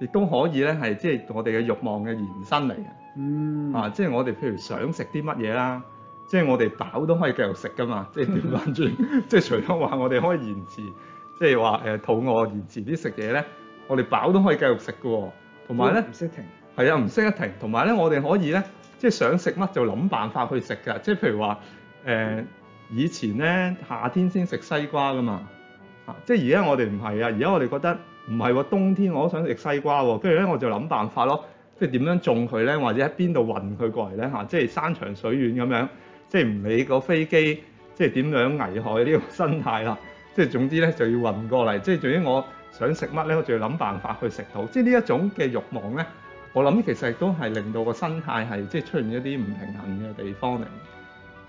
亦都可以咧係即係我哋嘅欲望嘅延伸嚟嘅。嗯。啊，即係我哋譬如想食啲乜嘢啦，即係我哋飽都可以繼續食噶嘛。即係調翻轉， 即係除咗話我哋可以延遲，即係話誒肚餓延遲啲食嘢咧，我哋飽都可以繼續食㗎喎。同埋咧，唔識停。係啊，唔識得停。同埋咧，我哋可以咧，即係想食乜就諗辦法去食㗎。即係譬如話。誒、嗯、以前咧夏天先食西瓜噶嘛，嚇，即係而家我哋唔係啊，而家我哋覺得唔係喎，冬天我都想食西瓜喎，跟住咧我就諗辦法咯，即係點樣種佢咧，或者喺邊度運佢過嚟咧嚇，即係山長水遠咁樣，即係唔理個飛機即係點樣危害呢個生態啦，即係總之咧就要運過嚟，即係總之我想食乜咧，我就要諗辦法去食到，即係呢一種嘅慾望咧，我諗其實都係令到個生態係即係出現一啲唔平衡嘅地方嚟。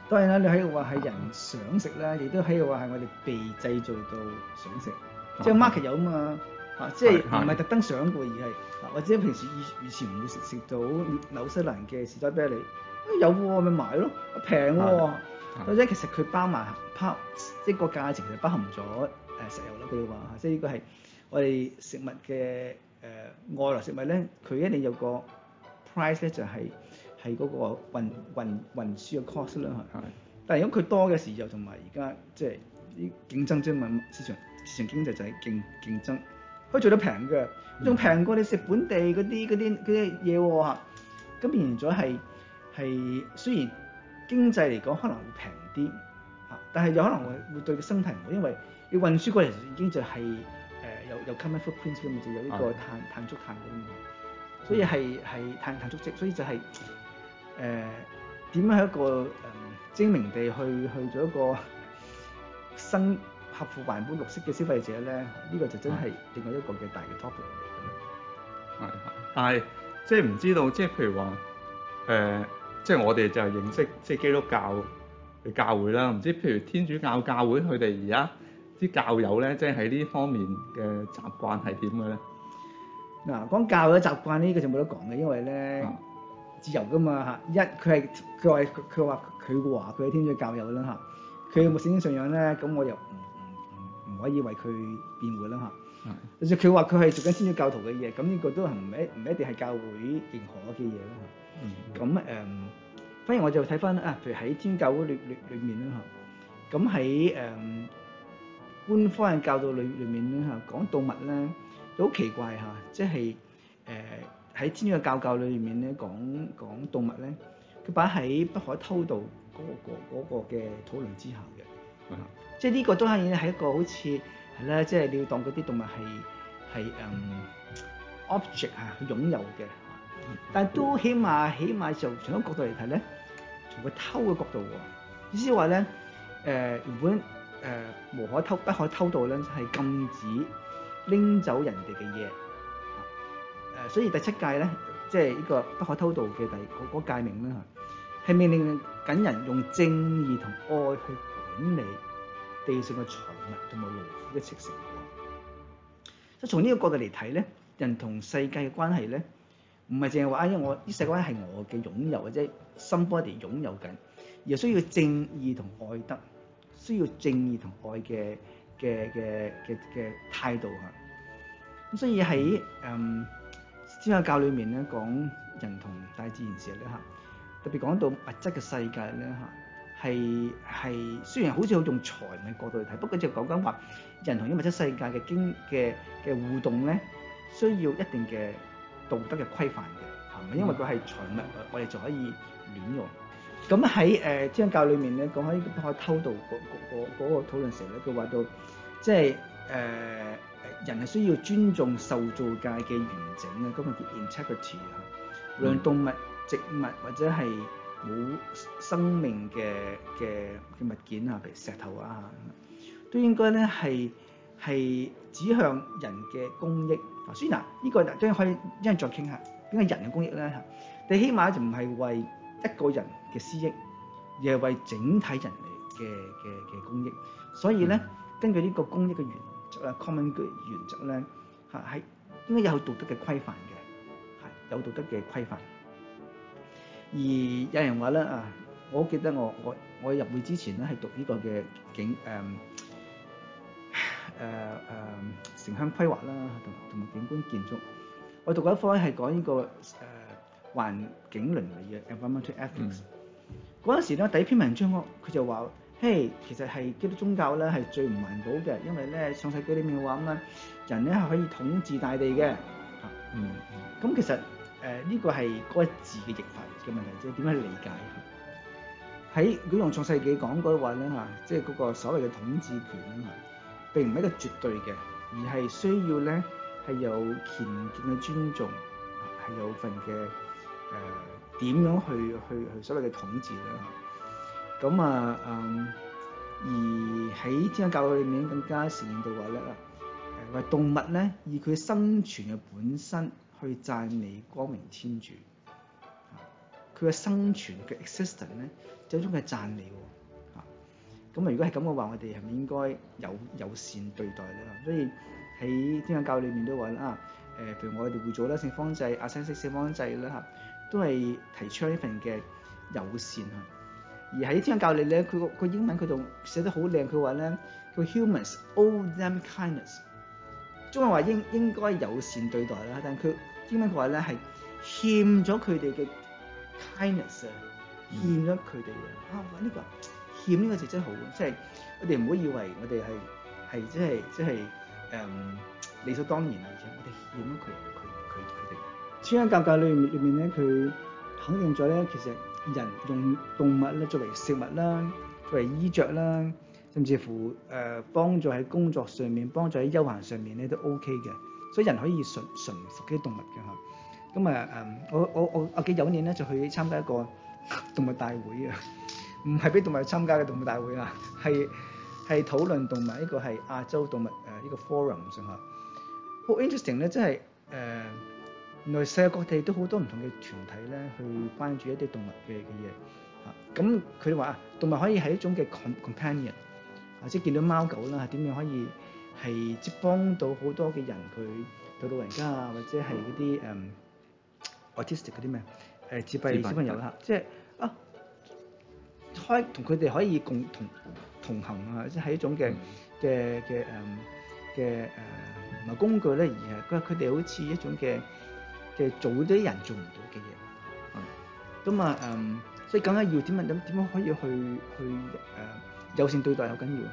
當然啦，你喺度話係人想食啦，亦都喺度話係我哋被製造到想食，嗯、即係 market 有啊嘛嚇，嗯、即係唔係特登想㗎、嗯、而係嗱或者平時以以前唔會食食到紐西蘭嘅士多啤梨，哎、有喎、啊、咪買咯，平喎、啊，或者、嗯嗯、其實佢包埋 part 即個價錢其實包含咗誒石油啦，佢哋話即係呢個係我哋食物嘅誒、呃、外來食物咧，佢一定有個 price 咧就係、是。係嗰、那個運運運輸嘅 cost 啦、嗯、但係如果佢多嘅時候同埋而家即係啲競爭即、就、問、是、市場市場經濟就係競競爭，可以做到平嘅，仲平過你食本地嗰啲啲啲嘢喎，咁變咗係係雖然經濟嚟講可能會平啲嚇，但係有可能會會對個身體唔好，因為你運輸過嚟已經就係有有 carbon footprint 咁就有呢個碳、嗯、碳足碳咁，所以係碳碳足跡，所以就係、是。誒點、呃、樣係一個、呃、精明地去去做一個新合乎環保綠色嘅消費者咧？呢、這個就真係另外一個嘅大嘅 topic 嚟嘅。係但係即係唔知道，即係譬如話誒、呃，即係我哋就係認識即係基督教嘅教會啦。唔知道譬如天主教教會佢哋而家啲教友咧，即係喺呢方面嘅習慣係點嘅咧？嗱、嗯，講教會嘅習慣呢個就冇得講嘅，因為咧。自由噶嘛嚇，一佢係佢話佢佢話佢話佢話佢係天主教友啦嚇，佢有冇聖經信仰咧？咁我又唔唔唔可以為佢辯護啦嚇。佢佢話佢係做緊天主教徒嘅嘢，咁呢個都係唔一唔一定係教會認可嘅嘢啦嚇。咁誒、嗯，反而我就睇翻啊，譬如喺天主教會裏裏面啦嚇，咁喺誒官方嘅教導裏裏面咧嚇，講動物咧都好奇怪嚇，即係誒。呃喺《天主嘅教教》裏面咧，講講動物咧，佢擺喺《不可偷盜、那個》嗰、那個嗰、那個嘅討論之下嘅，即係呢個都係咧，係一個好似係咧，即係、就是、你要當啲動物係係嗯 object 啊，去擁有嘅，啊嗯、但係都起碼起碼就從一角度嚟睇咧，從佢偷嘅角度、啊、意思話咧誒原本誒、呃、無可偷、不可偷盜咧，就係、是、禁止拎走人哋嘅嘢。誒，所以第七誡咧，即係呢個「不可偷盜」嘅第嗰嗰誡命咧，係係命令緊人用正義同愛去管理地上嘅財物同埋勞苦嘅食成果。即係從呢個角度嚟睇咧，人同世界嘅關係咧，唔係淨係話啊，因為我呢世界係我嘅擁有，或者 somebody 嚟擁有緊，而係需要正義同愛德，需要正義同愛嘅嘅嘅嘅嘅態度嚇。咁所以喺嗯。基督教裏面咧講人同大自然時咧嚇，特別講到物質嘅世界咧嚇，係係雖然好似好用財物嘅角度嚟睇，不過就講緊話人同依物質世界嘅經嘅嘅互動咧，需要一定嘅道德嘅規範嘅，係咪？因為佢係財物，我哋就可以亂用。咁喺誒基督教裏面咧講喺不可偷盜嗰嗰個嗰個討論時咧，佢話到即係誒。呃人係需要尊重受造界嘅完整啊，咁個叫 integrity 啊，無論動物、植物或者係冇生命嘅嘅嘅物件啊，譬如石頭啊，都應該咧係係指向人嘅公益。所以嗱，依、這個將可以一陣再傾下，點解人嘅公益咧？嚇，你起碼就唔係為一個人嘅私益，而係為整體人類嘅嘅嘅公益。所以咧，嗯、根據呢個公益嘅原。Common good 原則咧嚇係應該有道德嘅規範嘅，係有道德嘅規範。而有人話咧啊，我好記得我我我入會之前咧係讀呢個嘅景誒誒誒城鄉規劃啦同同埋景觀建築。我讀嗰一科咧係講呢個誒環、呃、境倫理嘅 Environmental Ethics。嗰陣、嗯、時咧第一篇文章咧佢就話。嘿，hey, 其實係基督宗教咧係最唔環保嘅，因為咧《創世紀》裏面嘅話咁樣，人咧係可以統治大地嘅，嗯。嗯，咁、嗯、其實誒呢、呃這個係嗰一字嘅譯法嘅問題啫，點、就是、樣理解？喺佢用《創世紀》講嗰個話咧即係嗰個所謂嘅統治權啊嘛，並唔係一個絕對嘅，而係需要咧係有虔敬嘅尊重，係有份嘅誒點樣去去去所謂嘅統治啦。咁啊、嗯，而喺天主教裏面更加承認到話咧，誒，為動物咧以佢生存嘅本身去讚美光明天主，佢嘅生存嘅 existence 咧始終係讚美喎，咁啊，如果係咁嘅話，我哋係咪應該友友善對待咧？所以喺天主教裏面都話啦，啊，譬如我哋會做咧聖方濟，亞西西聖方濟啦，都係提出呢份嘅友善而喺《天主教理》咧，佢個個英文佢仲寫得好靚。佢話咧，佢 Humans owe them kindness。中文話應應該友善對待啦，但佢英文佢話咧係欠咗佢哋嘅 kindness，欠咗佢哋啊！哇、這個，呢個欠呢個字真好啊！即係我哋唔好以為我哋係係即係即係誒理所當然啊！而且我哋欠咗佢佢佢佢哋。《天主教教理裏》裏面咧，佢肯定咗咧，其實。人用動物咧作為食物啦，作為衣着啦，甚至乎誒、呃、幫助喺工作上面，幫助喺休閒上面咧都 OK 嘅，所以人可以馴馴服啲動物嘅吓。咁啊誒，我我我我記得有一年咧就去參加一個動物大會，唔係俾動物參加嘅動物大會啊，係係討論動物呢個係亞洲動物誒呢個 forum 上下。好 interesting 咧，即係誒。呃原來世界各地都好多唔同嘅團體咧，去關注一啲動物嘅嘅嘢嚇。咁佢哋話啊他們，動物可以係一種嘅 com companion，或、啊、者見到貓狗啦，點樣可以係即係幫到好多嘅人，佢到老人家啊，或者係嗰啲誒 autistic 嗰啲咩誒自閉小朋友啦即係啊開同佢哋可以共同同行啊，即係一種嘅嘅嘅誒嘅誒唔係工具咧，而係佢佢哋好似一種嘅。嘅做啲人做唔到嘅嘢，啊，咁啊，嗯，所以緊係要點樣點點樣可以去去誒友、呃、善對待好緊要嚇。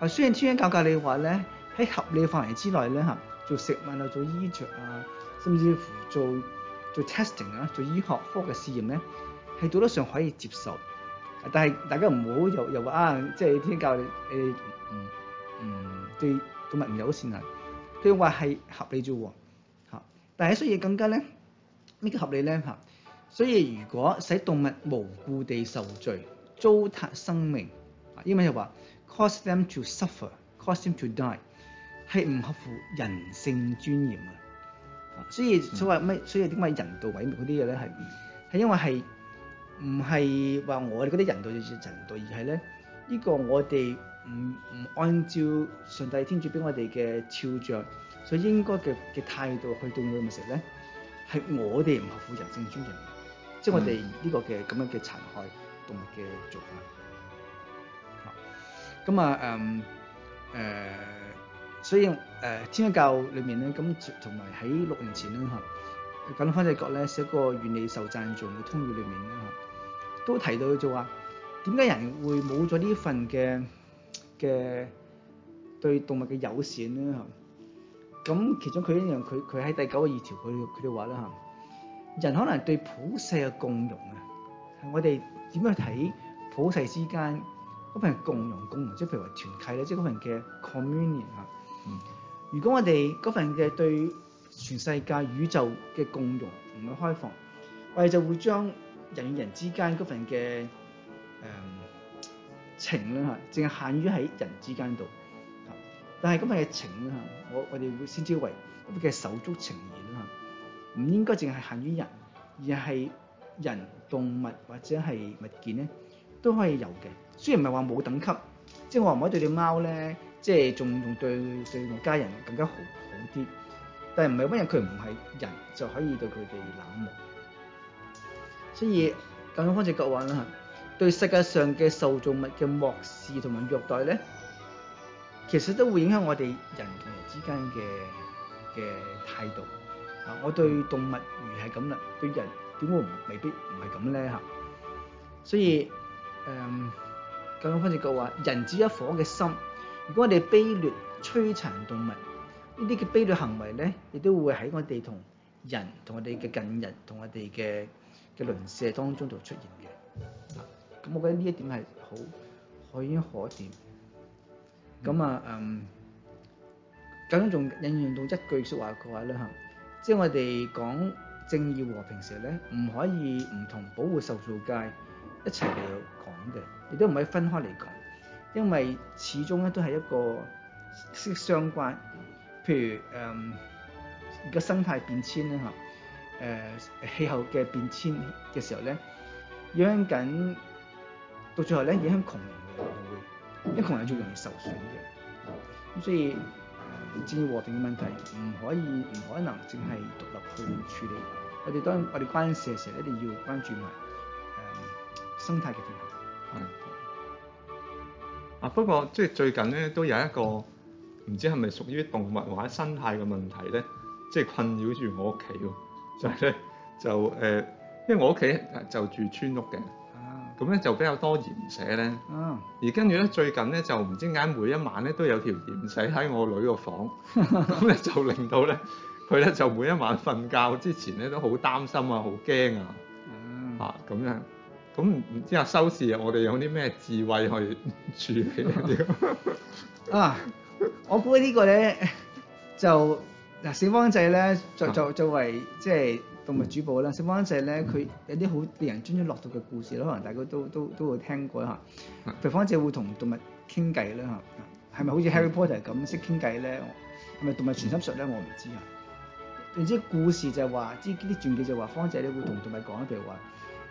啊，雖然天主教教理你話咧，喺合理範圍之內咧吓，做食物啊、做衣着啊，甚至乎做做 testing 啊、做醫學科嘅試驗咧，係道德上可以接受。但係大家唔好又又話啊，即係天主教教理誒，唔、欸、唔、嗯嗯、對動物唔友善啊，佢話係合理啫。但係所以更加咧，咩叫合理咧嚇？所以如果使動物無故地受罪、糟蹋生命，因為又話 cause them to suffer, cause them to die，係唔合乎人性尊嚴啊、嗯。所以所謂咩？所以點解人道毀滅嗰啲嘢咧，係係因為係唔係話我哋嗰啲人道人道，而係咧呢個我哋唔唔按照上帝天主俾我哋嘅肖像。所以應該嘅嘅態度去對佢嘅時候咧，係我哋唔合乎人性尊嚴，嗯、即係我哋呢個嘅咁樣嘅殘害動物嘅做法。咁啊、嗯，誒誒、嗯呃，所以誒、呃、天一教天主教裏面咧，咁同埋喺六年前咧嚇，緊落翻隻角咧，寫個願你受讚頌」嘅通語裏面咧嚇，都提到佢就話點解人會冇咗呢份嘅嘅對動物嘅友善咧嚇？咁其中佢一樣佢佢喺第九個二條佢佢哋話啦嚇，人可能對普世嘅共融啊，我哋點樣去睇普世之間嗰份的共融共融，即係譬如話團契咧，即係份嘅 communion 嚇。如果我哋份嘅對全世界宇宙嘅共融唔去開放，我哋就會將人與人之間份嘅誒、呃、情咧吓淨係限於喺人之間度。但係今日嘅情咧，我我哋會先知為，今日嘅手足情義啦，唔應該淨係限於人，而係人、動物或者係物件咧，都可以有嘅。雖然唔係話冇等級，即係我唔可以對啲貓咧，即係仲仲對對我家人更加好好啲。但係唔係乜嘢？佢唔係人就可以對佢哋冷漠。所以咁樣方濟講話啦，對世界上嘅受造物嘅漠視同埋虐待咧。其實都會影響我哋人同人之間嘅嘅態度啊！我對動物如係咁啦，對人點會唔未必唔係咁咧嚇？所以誒、嗯，教宗方濟各話，人只一夥嘅心，如果我哋卑劣摧殘動物，呢啲嘅卑劣行為咧，亦都會喺我哋同人同我哋嘅近人同我哋嘅嘅鄰舍當中度出現嘅。咁我覺得呢一點係好可圈可點。咁、嗯、啊，嗯，咁仲引用到一句説話嘅話咧嚇，即係我哋講正義和平時咧，唔可以唔同保護受造界一齊嚟講嘅，亦都唔可以分開嚟講，因為始終咧都係一個息息相關。譬如嗯，而家生態變遷咧嚇，誒、呃、氣候嘅變遷嘅時候咧，影響緊，到最後咧影響窮人嘅社會一窮人最容易受損嘅，咁所以至於和平嘅問題唔可以、唔可能淨係獨立去處理。我哋當我哋關社嘅時候一定要關注埋誒生態嘅平衡。啊，不過即係最近咧，都有一個唔知係咪屬於動物或者生態嘅問題咧，即係困擾住我屋企喎。就係咧，就、呃、誒，因為我屋企就住村屋嘅。咁咧就比較多鹽蛇咧，啊、而跟住咧最近咧就唔知點解每一晚咧都有條鹽蛇喺我女個房，咁咧 就令到咧佢咧就每一晚瞓覺之前咧都好擔心啊，好驚啊，啊咁、啊、樣，咁唔知阿、啊、修士，我哋有啲咩智慧去處理呢啊？啊， 啊，我估呢個咧就嗱小方仔咧作作作為即係。動物主播啦，聖方濟咧佢有啲好令人津津樂道嘅故事啦，可能大家都都都會聽過一下。譬如方濟會同動物傾偈啦嚇，係咪好似 Harry Potter 咁識傾偈咧？係咪動物傳心術咧？我唔知啊。總之故事就係話，啲啲傳記就話，方濟咧會同動物講啊，譬如話、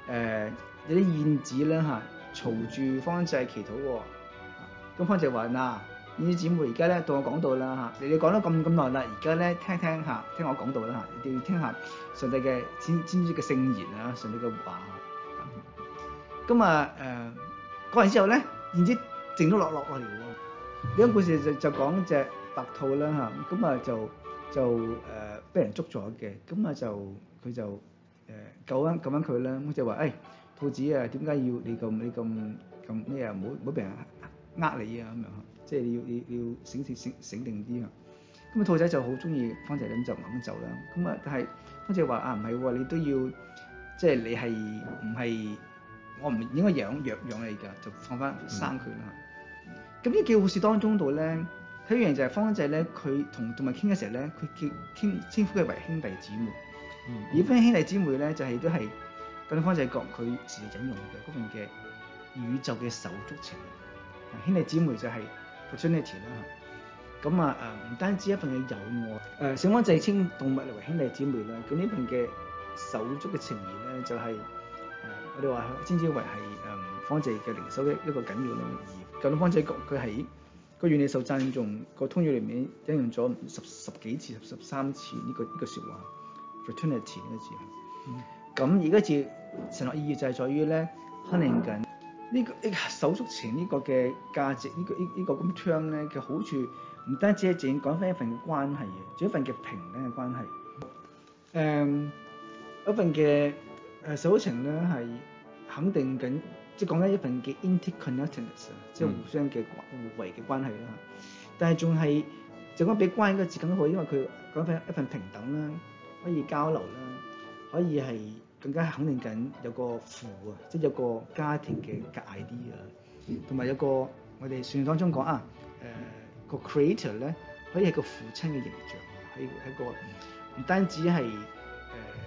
呃、有啲燕子啦嚇，嘈住方濟祈禱喎，咁方濟話嗱。呃啲姊妹而家咧到我講到啦嚇，你哋講咗咁咁耐啦，而家咧聽聽嚇，聽我講到啦嚇，要聽下上帝嘅先先知嘅聖言啊，上帝嘅話。咁啊誒講完之後咧，然之靜咗落落落嚟喎。呢個故事就就講隻白兔啦嚇，咁啊就就誒俾人捉咗嘅，咁啊就佢就誒救緊救緊佢啦，就話誒兔子啊，點解要你咁你咁咁咩啊？唔好唔好俾人呃你啊咁樣。即係你，你要要要醒醒醒，醒定啲、那個、啊！咁啊，兔仔就好中意方仔咁就唔肯走啦。咁啊，但係方仔話啊，唔係喎，你都要即係、就是、你係唔係我唔應該養養養你㗎，就放翻生佢啦。咁呢個故事當中度咧，睇完就係方仔咧，佢同動物傾嘅時候咧，佢叫傾稱呼佢為兄弟姊妹。嗯、而分兄弟姊妹咧，就係、是、都係咁方仔講佢自己引用嘅嗰邊嘅宇宙嘅手足情、啊。兄弟姊妹就係、是。Fraternity 啦，咁啊，誒，唔單止一份嘅友愛，誒、呃、聖方濟稱動物嚟為兄弟姊妹啦，咁呢份嘅手足嘅情義咧就係、是、誒、呃、我哋話先至為係誒方濟嘅靈修一一個緊要嘅意義，而咁方濟各佢喺個願祢受讚頌個通諭裏面引用咗十十幾次、十,十三次呢、這個呢、這個說話 Fraternity 呢個字，咁而呢次承諾意義就係在於咧，可能緊。呢個呢個手足情呢個嘅價值，呢個呢呢個咁 chum 咧嘅好處，唔單止係凈講翻一份嘅關係嘅，仲有一份嘅平等嘅關係。誒，嗰份嘅誒手足情咧係肯定緊，即係講緊一份嘅 interconnectedness 啊，即係互相嘅互惠嘅關係啦。但係仲係就講俾關係嘅字更好，因為佢講翻一份平等啦，可以交流啦，可以係。更加肯定緊有個父啊，即係有個家庭嘅介啲啊，同埋有個我哋聖經當中講啊，誒個 Creator 咧可以係個父親嘅形象啊，係一個唔單止係誒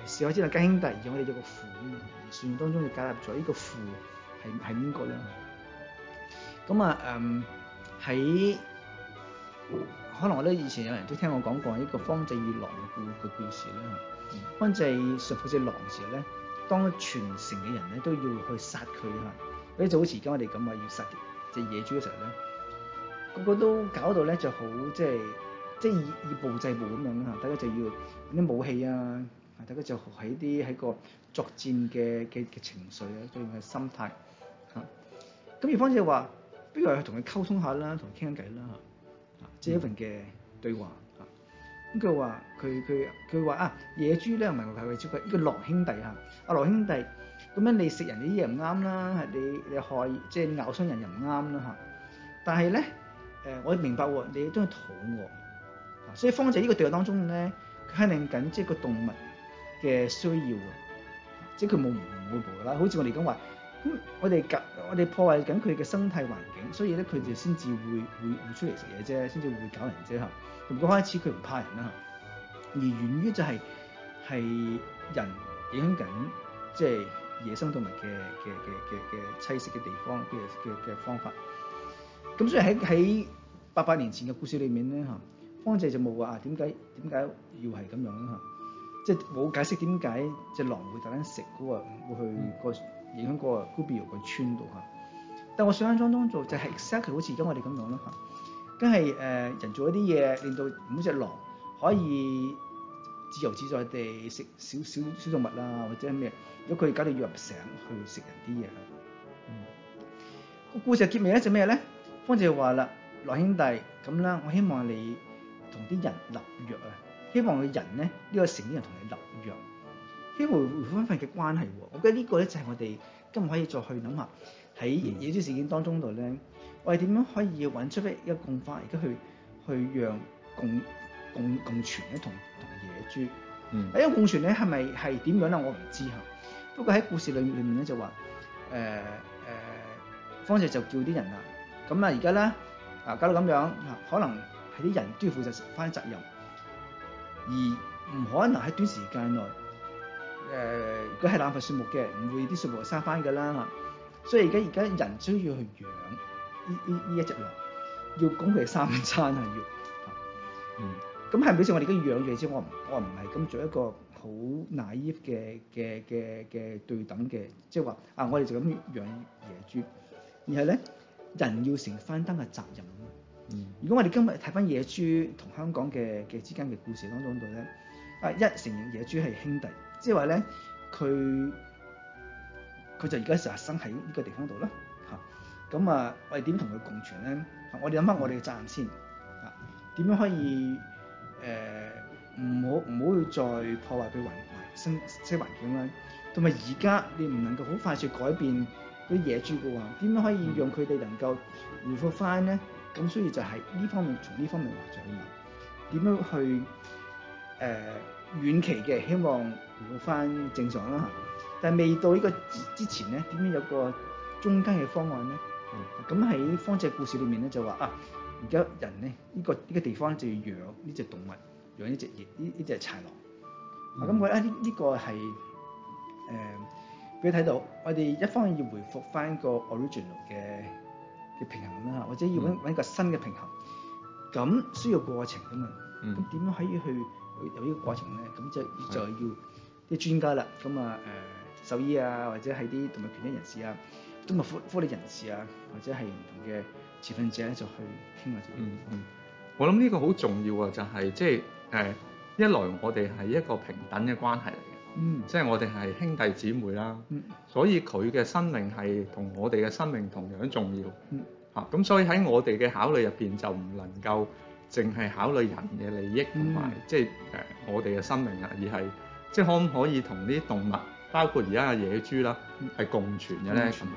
四海之內皆兄弟，而我哋有個父啊，聖經當中就加入咗呢個父係係邊個啦？咁啊，嗯喺。可能我都以前有人都聽我講過呢個方濟與狼故嘅故事啦。嚇。方濟捉嗰隻狼嘅時候咧，當全城嘅人咧都要去殺佢嚇。嗰就好似而家我哋咁話，要殺隻野豬嘅時候咧，個個都搞到咧就好即係即係以以暴制暴咁樣嚇。大家就要啲武器啊，大家就喺啲喺個作戰嘅嘅嘅情緒啊，最緊係心態嚇。咁而方濟話：不如係同佢溝通一下啦，同佢傾下偈啦嚇。即係一份嘅，嗯、對話嚇，咁佢話佢佢佢話啊，野豬咧唔係我教佢捉嘅，依、這個狼兄弟嚇，阿、啊啊，狼兄弟，咁樣你食人啲嘢唔啱啦，你你害即係，就是，咬傷人又唔啱啦嚇，但係咧誒，我哋明白喎，你都係肚餓，啊，所以方濟呢個對話當中咧，佢肯定緊即係個動物嘅需要啊，即係佢冇唔會無啦，好似我哋咁話。咁我哋搞，我哋破壞緊佢嘅生態環境，所以咧佢哋先至會會出嚟食嘢啫，先至會搞人啫嚇。從嗰開始佢唔怕人啦嚇，而源於就係係人在影響緊，即係野生動物嘅嘅嘅嘅嘅棲息嘅地方嘅嘅嘅方法。咁所以喺喺八百年前嘅故事裡面咧嚇，方濟就冇話點解點解要係咁樣啦，即係冇解釋點解隻狼會特登食嗰個，會去個。嗯影響個 Gubbio 個村度嚇，但我想象莊中做就係、是、exactly 好似而家我哋咁講啦嚇，咁係誒人做一啲嘢令到某隻狼可以自由自在地食少少小動物啦，或者咩？如果佢搞到約唔成去食人啲嘢，個、嗯、故事結尾咧就咩咧？方濟話啦：狼兄弟咁啦，我希望你同啲人立約啊，希望佢人咧呢、這個城啲人同你立約。啲回回翻份嘅關係喎，我覺得呢個咧就係我哋今日可以再去諗下喺野豬事件當中度咧，嗯、我哋點樣可以搵出一一個共法，而家去去讓共共共存咧同同野豬，啊呢個共存咧係咪係點樣咧？我唔知吓。不過喺故事裏面裏面咧就話誒誒，方濟就叫啲人啦，咁啊而家咧啊搞到咁樣啊，可能係啲人都要負責翻責任，而唔可能喺短時間內。誒，佢係砍伐樹木嘅，唔會啲樹木生翻㗎啦嚇。所以而家而家人需要去養呢呢呢一隻狼，要供佢三餐啊，要嚇。咁係咪好似我哋而家養野豬？我我唔係咁做一個好 naive 嘅嘅嘅嘅對等嘅，即係話啊，我哋就咁養野豬，而係咧人要承擔登嘅責任。嗯、如果我哋今日睇翻野豬同香港嘅嘅之間嘅故事當中度咧，啊一承認野豬係兄弟，即係話咧，佢佢就而家成日生喺呢個地方度啦，嚇、嗯。咁啊，我哋點同佢共存咧？我哋諗翻我哋嘅責任先，啊、嗯，點樣可以誒唔好唔好去再破壞佢環環生生態環境咧？同埋而家你唔能夠好快速改變嗰啲野豬嘅話，點樣可以讓佢哋能夠恢復翻咧？咁、嗯、所以就係呢方面，從呢方面話就要問，點樣去誒？呃遠期嘅希望回復翻正常啦，但係未到呢個之前咧，點樣有一個中間嘅方案咧？咁喺、嗯、方濟故事裏面咧就話啊，而家人咧呢、呢個呢、呢個地方就要養呢隻動物，養呢隻呢呢隻豺狼。咁、嗯啊、我覺得呢呢個係誒，俾你睇到，我哋一方面要回復翻個 original 嘅嘅平衡啦嚇，或者要揾揾、嗯、一個新嘅平衡，咁需要過程㗎嘛。咁點樣可以去？嗯去有呢個過程咧，咁就就係要啲專家啦，咁啊誒獸醫啊，或者係啲動物權益人士啊，咁啊，福福利人士啊，或者係唔同嘅持份者咧、啊，就去傾下自己。嗯嗯，我諗呢個好重要啊，就係即係誒一來我哋係一個平等嘅關係嚟嘅，即係、嗯、我哋係兄弟姊妹啦，嗯、所以佢嘅生命係同我哋嘅生命同樣重要，嚇咁、嗯啊、所以喺我哋嘅考慮入邊就唔能夠。淨係考慮人嘅利益同埋，即係誒我哋嘅生命啊，嗯、而係即係可唔可以同呢啲動物，包括而家嘅野豬啦，係共存嘅咧？即係、嗯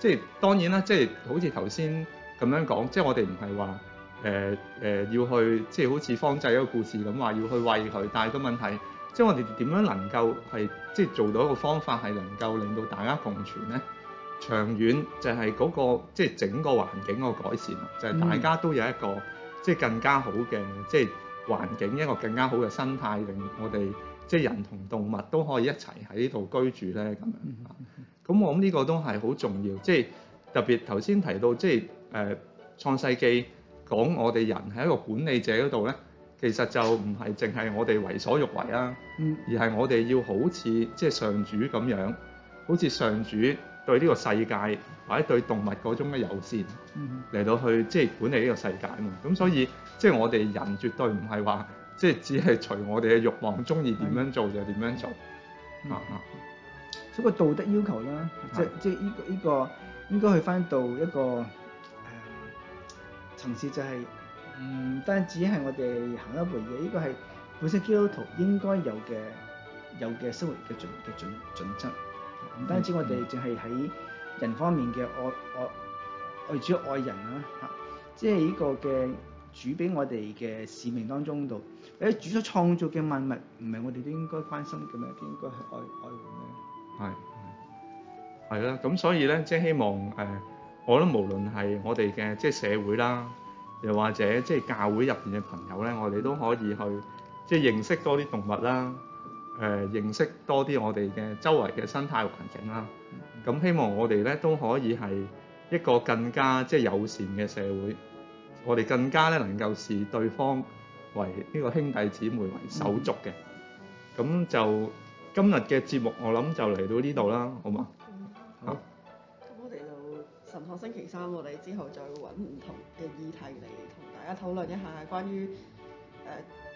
就是、當然啦，即、就、係、是、好似頭先咁樣講，即、就、係、是、我哋唔係話誒誒要去，即、就、係、是、好似方濟一個故事咁話要去餵佢，但係個問題即係、就是、我哋點樣能夠係即係做到一個方法係能夠令到大家共存咧？長遠就係嗰、那個即係、就是、整個環境個改善就係、是、大家都有一個。嗯即係更加好嘅，即係環境一個更加好嘅生態，令我哋即係人同動物都可以一齊喺呢度居住咧，咁樣咁、嗯嗯、我諗呢個都係好重要，即係特別頭先提到即係誒、呃、創世記講我哋人係一個管理者嗰度咧，其實就唔係淨係我哋為所欲為啊，嗯、而係我哋要好似即係上主咁樣，好似上主。對呢個世界或者對動物嗰種嘅友善嚟、嗯、到去，即、就、係、是、管理呢個世界嘛。咁所以即係、就是、我哋人絕對唔係話，即、就、係、是、只係隨我哋嘅欲望，鍾意點樣做就點樣做。啊啊，所以個道德要求啦，即係即係呢個呢、呢個應該去翻到一個層、呃、次、就是，就係唔單止係我哋行一步嘢，呢、呢個係本身基督徒應該有嘅有嘅生活嘅準嘅準準則。準則唔單止我哋，淨係喺人方面嘅愛愛愛主愛人啦嚇，即係呢個嘅主俾我哋嘅使命當中度，誒、啊、主所創造嘅萬物，物，唔係我哋都應該關心嘅咩？都應該係愛愛護咩？係係啦，咁所以咧，即係希望誒，我諗無論係我哋嘅即係社會啦，又或者即係教會入邊嘅朋友咧，我哋都可以去即係認識多啲動物啦。誒、認識多啲我哋嘅周圍嘅生態環境啦，咁希望我哋咧都可以係一個更加即係友善嘅社會，我哋更加咧能夠視對方為呢個兄弟姊妹為手足嘅，咁就今日嘅節目我諗就嚟到呢度啦，好嗎？好。咁我哋就神學星期三，我哋之後再揾唔同嘅議題嚟同大家討論一下關於誒、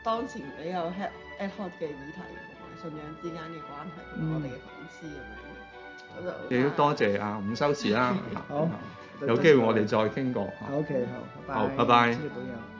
當前比較 hot 嘅議題。之間嘅關係，我哋嘅反思咁樣。嗯、 好。亦都多謝啊，伍修士啦，好，有機會，我哋再傾過。好 ，OK，好，拜拜。好 bye bye